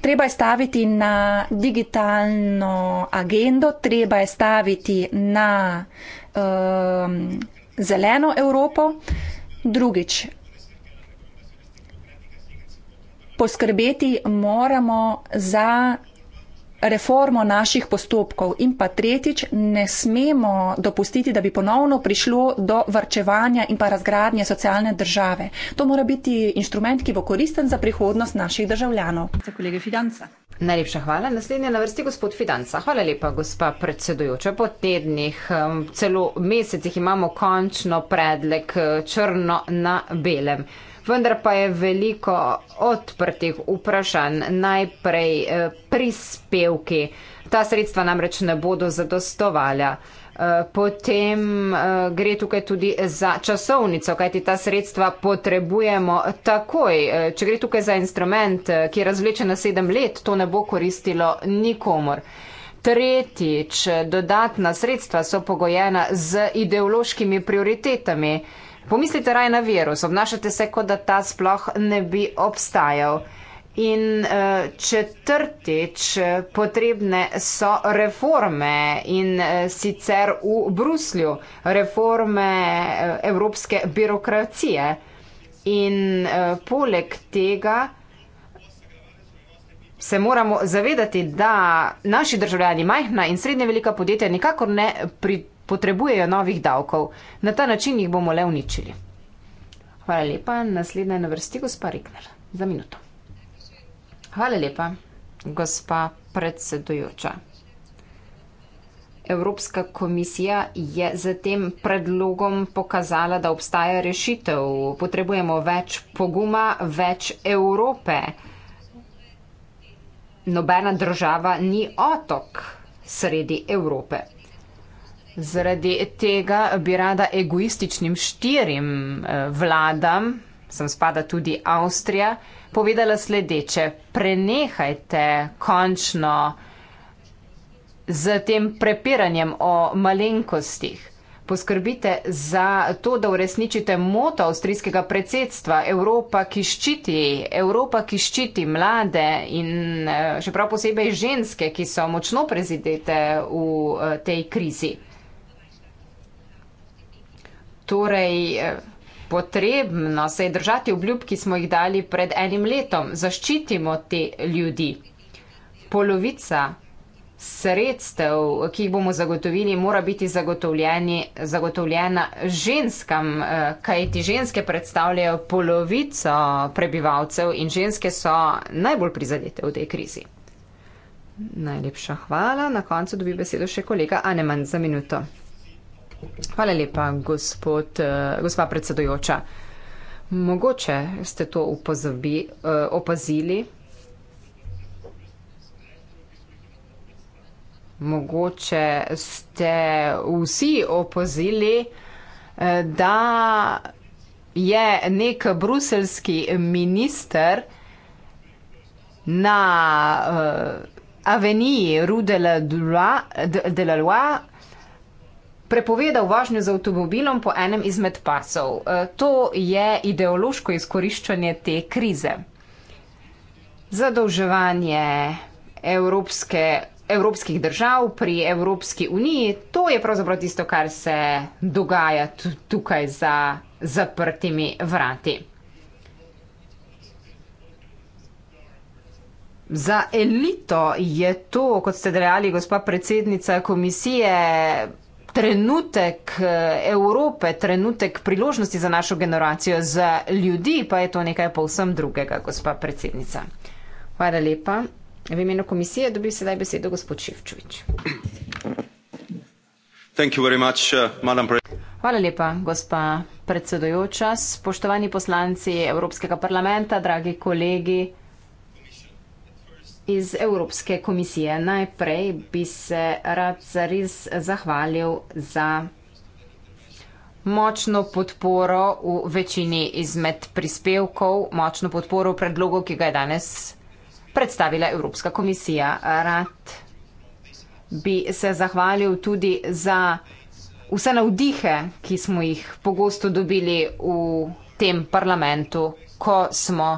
Treba je staviti na digitalno agendo, treba je staviti na um, zeleno Evropo. Drugič, poskrbeti moramo za reformo naših postopkov in pa tretjič, ne smemo dopustiti, da bi ponovno prišlo do vrčevanja in pa razgradnje socialne države. To mora biti inštrument, ki bo koristen za prihodnost naših državljanov. Najlepša hvala. Naslednja na vrsti gospod Fidanca. Hvala lepa, gospa predsedujoča. Po tednih, um, celo mesecih imamo končno predlek uh, črno na belem vendar pa je veliko odprtih vprašanj. Najprej eh, prispevki. Ta sredstva namreč ne bodo zadostovala. Eh, potem eh, gre tukaj tudi za časovnico, kajti ta sredstva potrebujemo takoj. Če gre tukaj za instrument, ki je razvlečen na sedem let, to ne bo koristilo nikomor. Tretjič, dodatna sredstva so pogojena z ideološkimi prioritetami. Pomislite raje na virus, obnašate se, kot da ta sploh ne bi obstajal. In eh, četrtič, potrebne so reforme in eh, sicer v Bruslju, reforme eh, evropske birokracije. In poleg tega se moramo zavedati, da naši državljani, majhna in srednje velika podjetja, nikakor ne pritožijo potrebujejo novih davkov. Na ta način jih bomo le uničili. Hvala lepa. Naslednja je na vrsti gospa Rikner. Za minuto. Hvala lepa, gospa predsedujoča. Evropska komisija je z tem predlogom pokazala, da obstaja rešitev. Potrebujemo več poguma, več Evrope. Nobena država ni otok sredi Evrope. Zaradi tega bi rada egoističnim štirim eh, vladam, sem spada tudi Avstrija, povedala sledeče. Prenehajte končno z tem prepiranjem o malenkostih. Poskrbite za to, da uresničite moto avstrijskega predsedstva Evropa, ki ščiti, Evropa, ki ščiti mlade in eh, še prav posebej ženske, ki so močno prezidete v eh, tej krizi torej eh, potrebno se je držati obljub, ki smo jih dali pred enim letom. Zaščitimo te ljudi. Polovica sredstev, ki jih bomo zagotovili, mora biti zagotovljena ženskam, eh, kajti ženske predstavljajo polovico prebivalcev in ženske so najbolj prizadete v tej krizi. Najlepša hvala. Na koncu dobi besedo še kolega Aneman za minuto. Hvala lepa, gospod, eh, gospa predsedojoča. Mogoče ste to upozobi, eh, opazili. Mogoče ste vsi opozili, eh, da je nek bruselski minister na uh, aveniji Rue de la Loire prepovedal vožnjo z avtomobilom po enem izmed pasov. E, to je ideološko izkoriščanje te krize. Zadolževanje Evropske, evropskih držav pri Evropski uniji, to je pravzaprav tisto, kar se dogaja tukaj za zaprtimi vrati. Za elito je to, kot ste dejali, gospa predsednica komisije, trenutek eh, Evrope, trenutek priložnosti za našo generacijo, za ljudi, pa je to nekaj povsem drugega, gospa predsednica. Hvala lepa. V imenu komisije dobi sedaj besedo gospod Šivčovič. Uh, Hvala lepa, gospa predsedojoča. Spoštovani poslanci Evropskega parlamenta, dragi kolegi iz Evropske komisije. Najprej bi se rad zares zahvalil za močno podporo v večini izmed prispevkov, močno podporo predlogov, ki ga je danes predstavila Evropska komisija. Rad bi se zahvalil tudi za vse navdihe, ki smo jih pogosto dobili v tem parlamentu, ko smo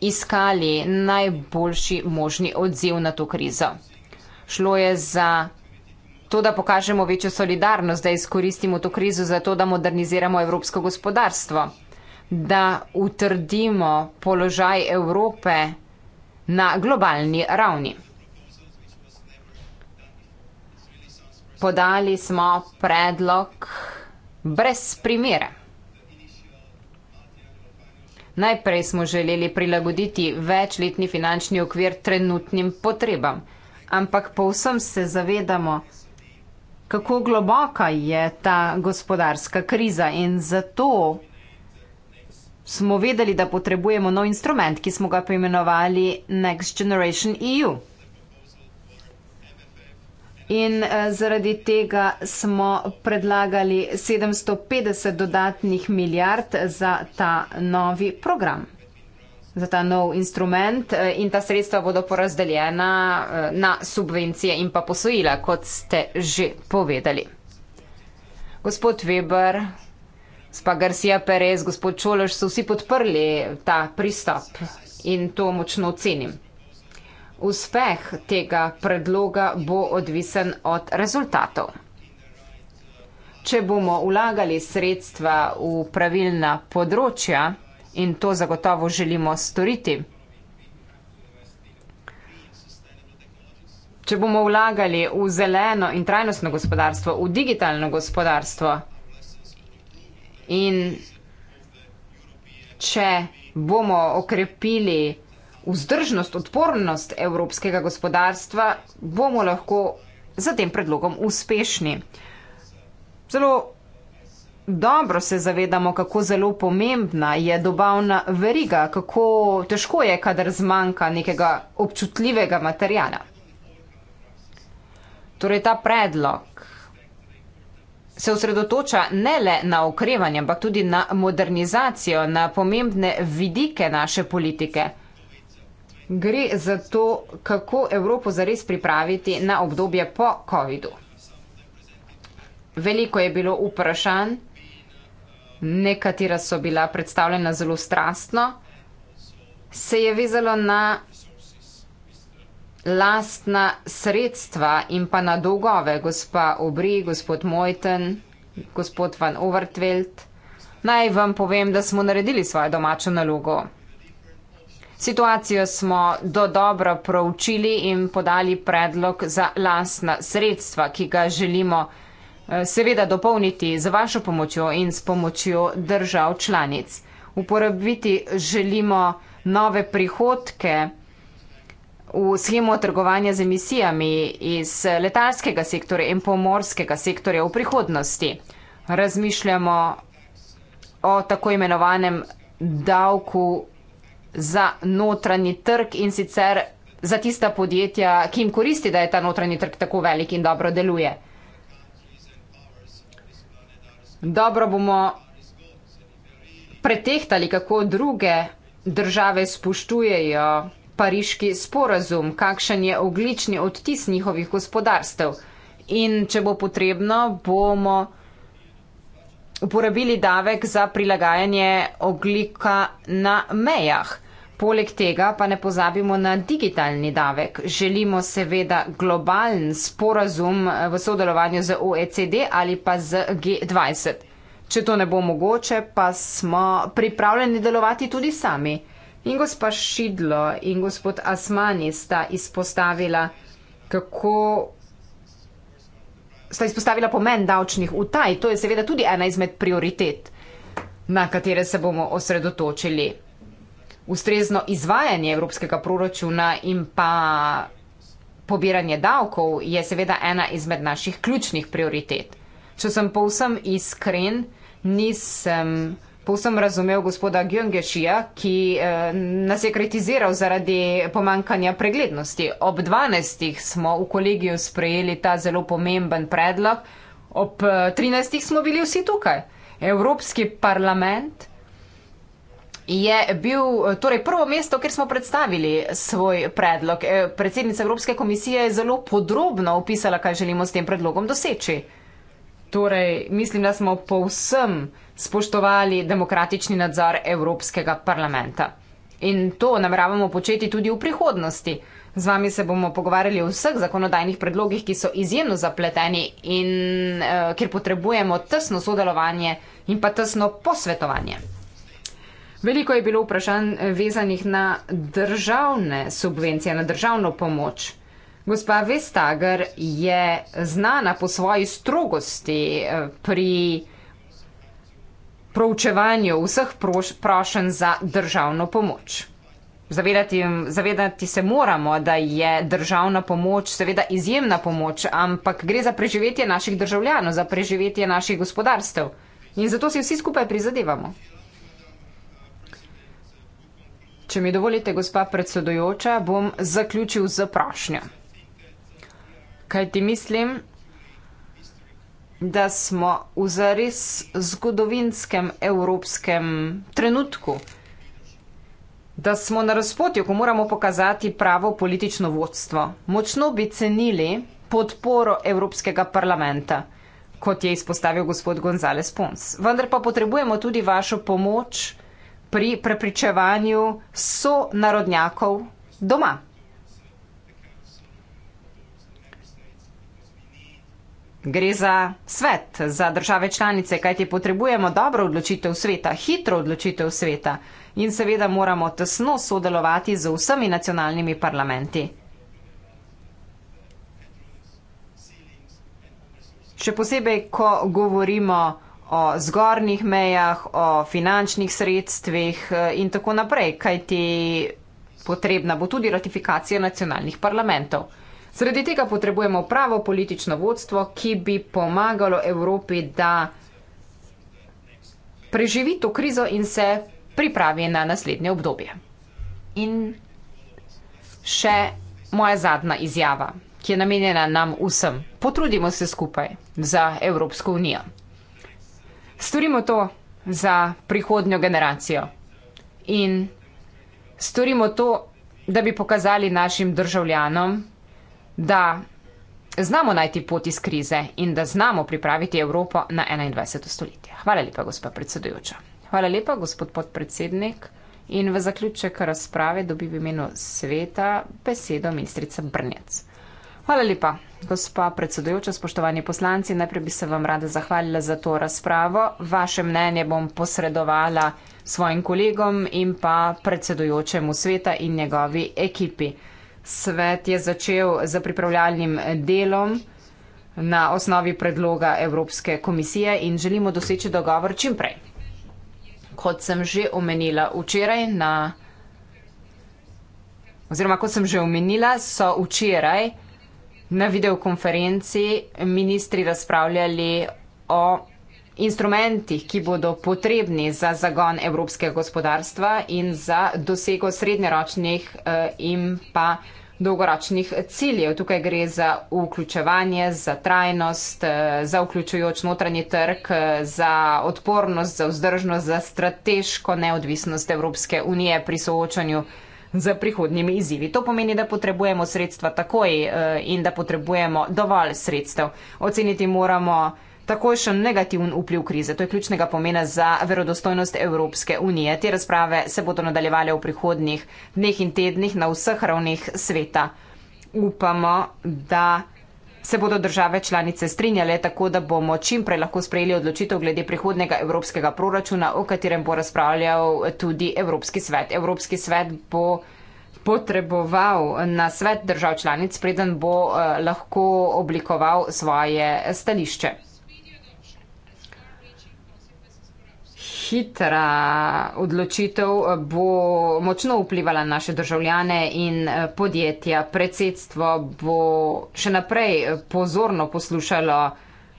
iskali najboljši možni odziv na to krizo. Šlo je za to, da pokažemo večjo solidarnost, da izkoristimo to krizo za to, da moderniziramo evropsko gospodarstvo, da utrdimo položaj Evrope na globalni ravni. Podali smo predlog brez primere. Najprej smo želeli prilagoditi večletni finančni okvir trenutnim potrebam, ampak povsem se zavedamo, kako globoka je ta gospodarska kriza in zato smo vedeli, da potrebujemo nov instrument, ki smo ga poimenovali Next Generation EU in eh, zaradi tega smo predlagali 750 dodatnih milijard za ta novi program za ta nov instrument eh, in ta sredstva bodo porazdeljena eh, na subvencije in pa posojila, kot ste že povedali. Gospod Weber, spa Garcia Perez, gospod Čološ so vsi podprli ta pristop in to močno ocenim. Uspeh tega predloga bo odvisen od rezultatov. Če bomo vlagali sredstva v pravilna področja in to zagotovo želimo storiti, če bomo vlagali v zeleno in trajnostno gospodarstvo, v digitalno gospodarstvo in če bomo okrepili vzdržnost, odpornost evropskega gospodarstva, bomo lahko za tem predlogom uspešni. Zelo dobro se zavedamo, kako zelo pomembna je dobavna veriga, kako težko je, kadar zmanjka nekega občutljivega materijala. Torej, ta predlog se osredotoča ne le na okrevanje, ampak tudi na modernizacijo, na pomembne vidike naše politike – gre za to, kako Evropo zares pripraviti na obdobje po COVID-u. Veliko je bilo vprašanj, nekatera so bila predstavljena zelo strastno, se je vezalo na lastna sredstva in pa na dolgove, gospa Obri, gospod Mojten, gospod Van Overtveld. Naj vam povem, da smo naredili svojo domačo nalogo. Situacijo smo do dobro proučili in podali predlog za lastna sredstva, ki ga želimo eh, seveda dopolniti z vašo pomočjo in s pomočjo držav članic. Uporabiti želimo nove prihodke v schemo trgovanja z emisijami iz letalskega sektorja in pomorskega sektorja v prihodnosti. Razmišljamo o tako imenovanem davku za notranji trg in sicer za tista podjetja, ki jim koristi, da je ta notranji trg tako velik in dobro deluje. Dobro bomo pretehtali, kako druge države spoštujejo pariški sporazum, kakšen je oglični odtis njihovih gospodarstev. In če bo potrebno, bomo uporabili davek za prilagajanje oglika na mejah. Poleg tega pa ne pozabimo na digitalni davek. Želimo seveda globalen sporazum eh, v sodelovanju z OECD ali pa z G20. Če to ne bo mogoče, pa smo pripravljeni delovati tudi sami. In gospa Šidlo in gospod Asmani sta izpostavila, kako sta izpostavila pomen davčnih utaj. To je seveda tudi ena izmed prioritet, na katere se bomo osredotočili. Ustrezno izvajanje evropskega proračuna in pa pobiranje davkov je seveda ena izmed naših ključnih prioritet. Če sem povsem iskren, nisem povsem razumev gospoda Gjöngešija, ki eh, nas je kritiziral zaradi pomankanja preglednosti. Ob 12. smo v kolegiju sprejeli ta zelo pomemben predlog, ob 13. Eh, smo bili vsi tukaj. Evropski parlament je bil eh, torej prvo mesto, kjer smo predstavili svoj predlog. Predsednica Evropske komisije je zelo podrobno opisala, kaj želimo s tem predlogom doseči. Torej, mislim, da smo povsem spoštovali demokratični nadzor Evropskega parlamenta. In to nameravamo početi tudi v prihodnosti. Z vami se bomo pogovarjali o vseh zakonodajnih predlogih, ki so izjemno zapleteni in eh, kjer potrebujemo tesno sodelovanje in pa tesno posvetovanje. Veliko je bilo vprašanj eh, vezanih na državne subvencije, na državno pomoč. Gospa Vestager je znana po svoji strogosti eh, pri proučevanju vseh proš prošenj za državno pomoč. Zavedati, zavedati se moramo, da je državna pomoč seveda izjemna pomoč, ampak gre za preživetje naših državljanov, za preživetje naših gospodarstev. In zato si vsi skupaj prizadevamo. Če mi dovolite, gospa predsedujoča, bom zaključil z prošnjo. Kaj ti mislim, da smo v zares zgodovinskem evropskem trenutku, da smo na razpotju, ko moramo pokazati pravo politično vodstvo. Močno bi cenili podporo Evropskega parlamenta, kot je izpostavil gospod Gonzales Pons. Vendar pa potrebujemo tudi vašo pomoč pri prepričevanju sonarodnjakov doma. Gre za svet, za države članice, kajti potrebujemo dobro odločitev sveta, hitro odločitev sveta in seveda moramo tesno sodelovati z vsemi nacionalnimi parlamenti. Še posebej, ko govorimo o zgornjih mejah, o finančnih sredstvih eh, in tako naprej, kajti potrebna bo tudi ratifikacija nacionalnih parlamentov. Sredi tega potrebujemo pravo politično vodstvo, ki bi pomagalo Evropi, da preživi to krizo in se pripravi na naslednje obdobje. In še moja zadnja izjava, ki je namenjena nam vsem. Potrudimo se skupaj za Evropsko unijo. Storimo to za prihodnjo generacijo in storimo to, da bi pokazali našim državljanom, da znamo najti pot iz krize in da znamo pripraviti Evropo na 21. stoletje. Hvala lepa, gospod predsedujoča. Hvala lepa, gospod podpredsednik. In v zaključek razprave dobi v imenu sveta besedo ministrica Brnjac. Hvala lepa, gospa predsedujoča, spoštovani poslanci. Najprej bi se vam rada zahvalila za to razpravo. Vaše mnenje bom posredovala svojim kolegom in pa predsedujočemu sveta in njegovi ekipi. Svet je začel z pripravljalnim delom na osnovi predloga Evropske komisije in želimo doseči dogovor čimprej. Kot sem že omenila včeraj na oziroma kot sem že omenila, so včeraj na videokonferenci ministri razpravljali o instrumentih, ki bodo potrebni za zagon evropskega gospodarstva in za dosego srednjeročnih eh, in pa dolgoročnih ciljev. Tukaj gre za vključevanje, za trajnost, eh, za vključujoč notranji trg, eh, za odpornost, za vzdržnost, za strateško neodvisnost Evropske unije pri soočanju z prihodnjimi izzivi. To pomeni, da potrebujemo sredstva takoj in da potrebujemo dovolj sredstev. Oceniti moramo, takojšen negativen vpliv krize. To je ključnega pomena za verodostojnost Evropske unije. Te razprave se bodo nadaljevale v prihodnih dneh in tednih na vseh ravnih sveta. Upamo, da se bodo države članice strinjale tako, da bomo čim prej lahko sprejeli odločitev glede prihodnega evropskega proračuna, o katerem bo razpravljal tudi Evropski svet. Evropski svet bo potreboval na svet držav članic, preden bo eh, lahko oblikoval svoje stališče. hitra odločitev bo močno vplivala na naše državljane in eh, podjetja. Predsedstvo bo še naprej pozorno poslušalo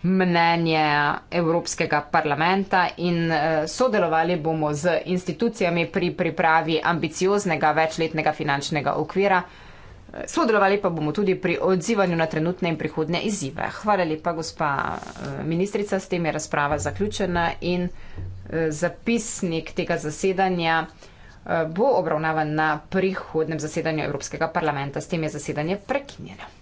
mnenje Evropskega parlamenta in eh, sodelovali bomo z institucijami pri pripravi ambicioznega večletnega finančnega okvira. Eh, sodelovali pa bomo tudi pri odzivanju na trenutne in prihodne izzive. Hvala lepa, gospa ministrica, s tem je razprava zaključena in Eh, zapisnik tega zasedanja eh, bo obravnavan na prihodnem zasedanju Evropskega parlamenta. S tem je zasedanje prekinjeno.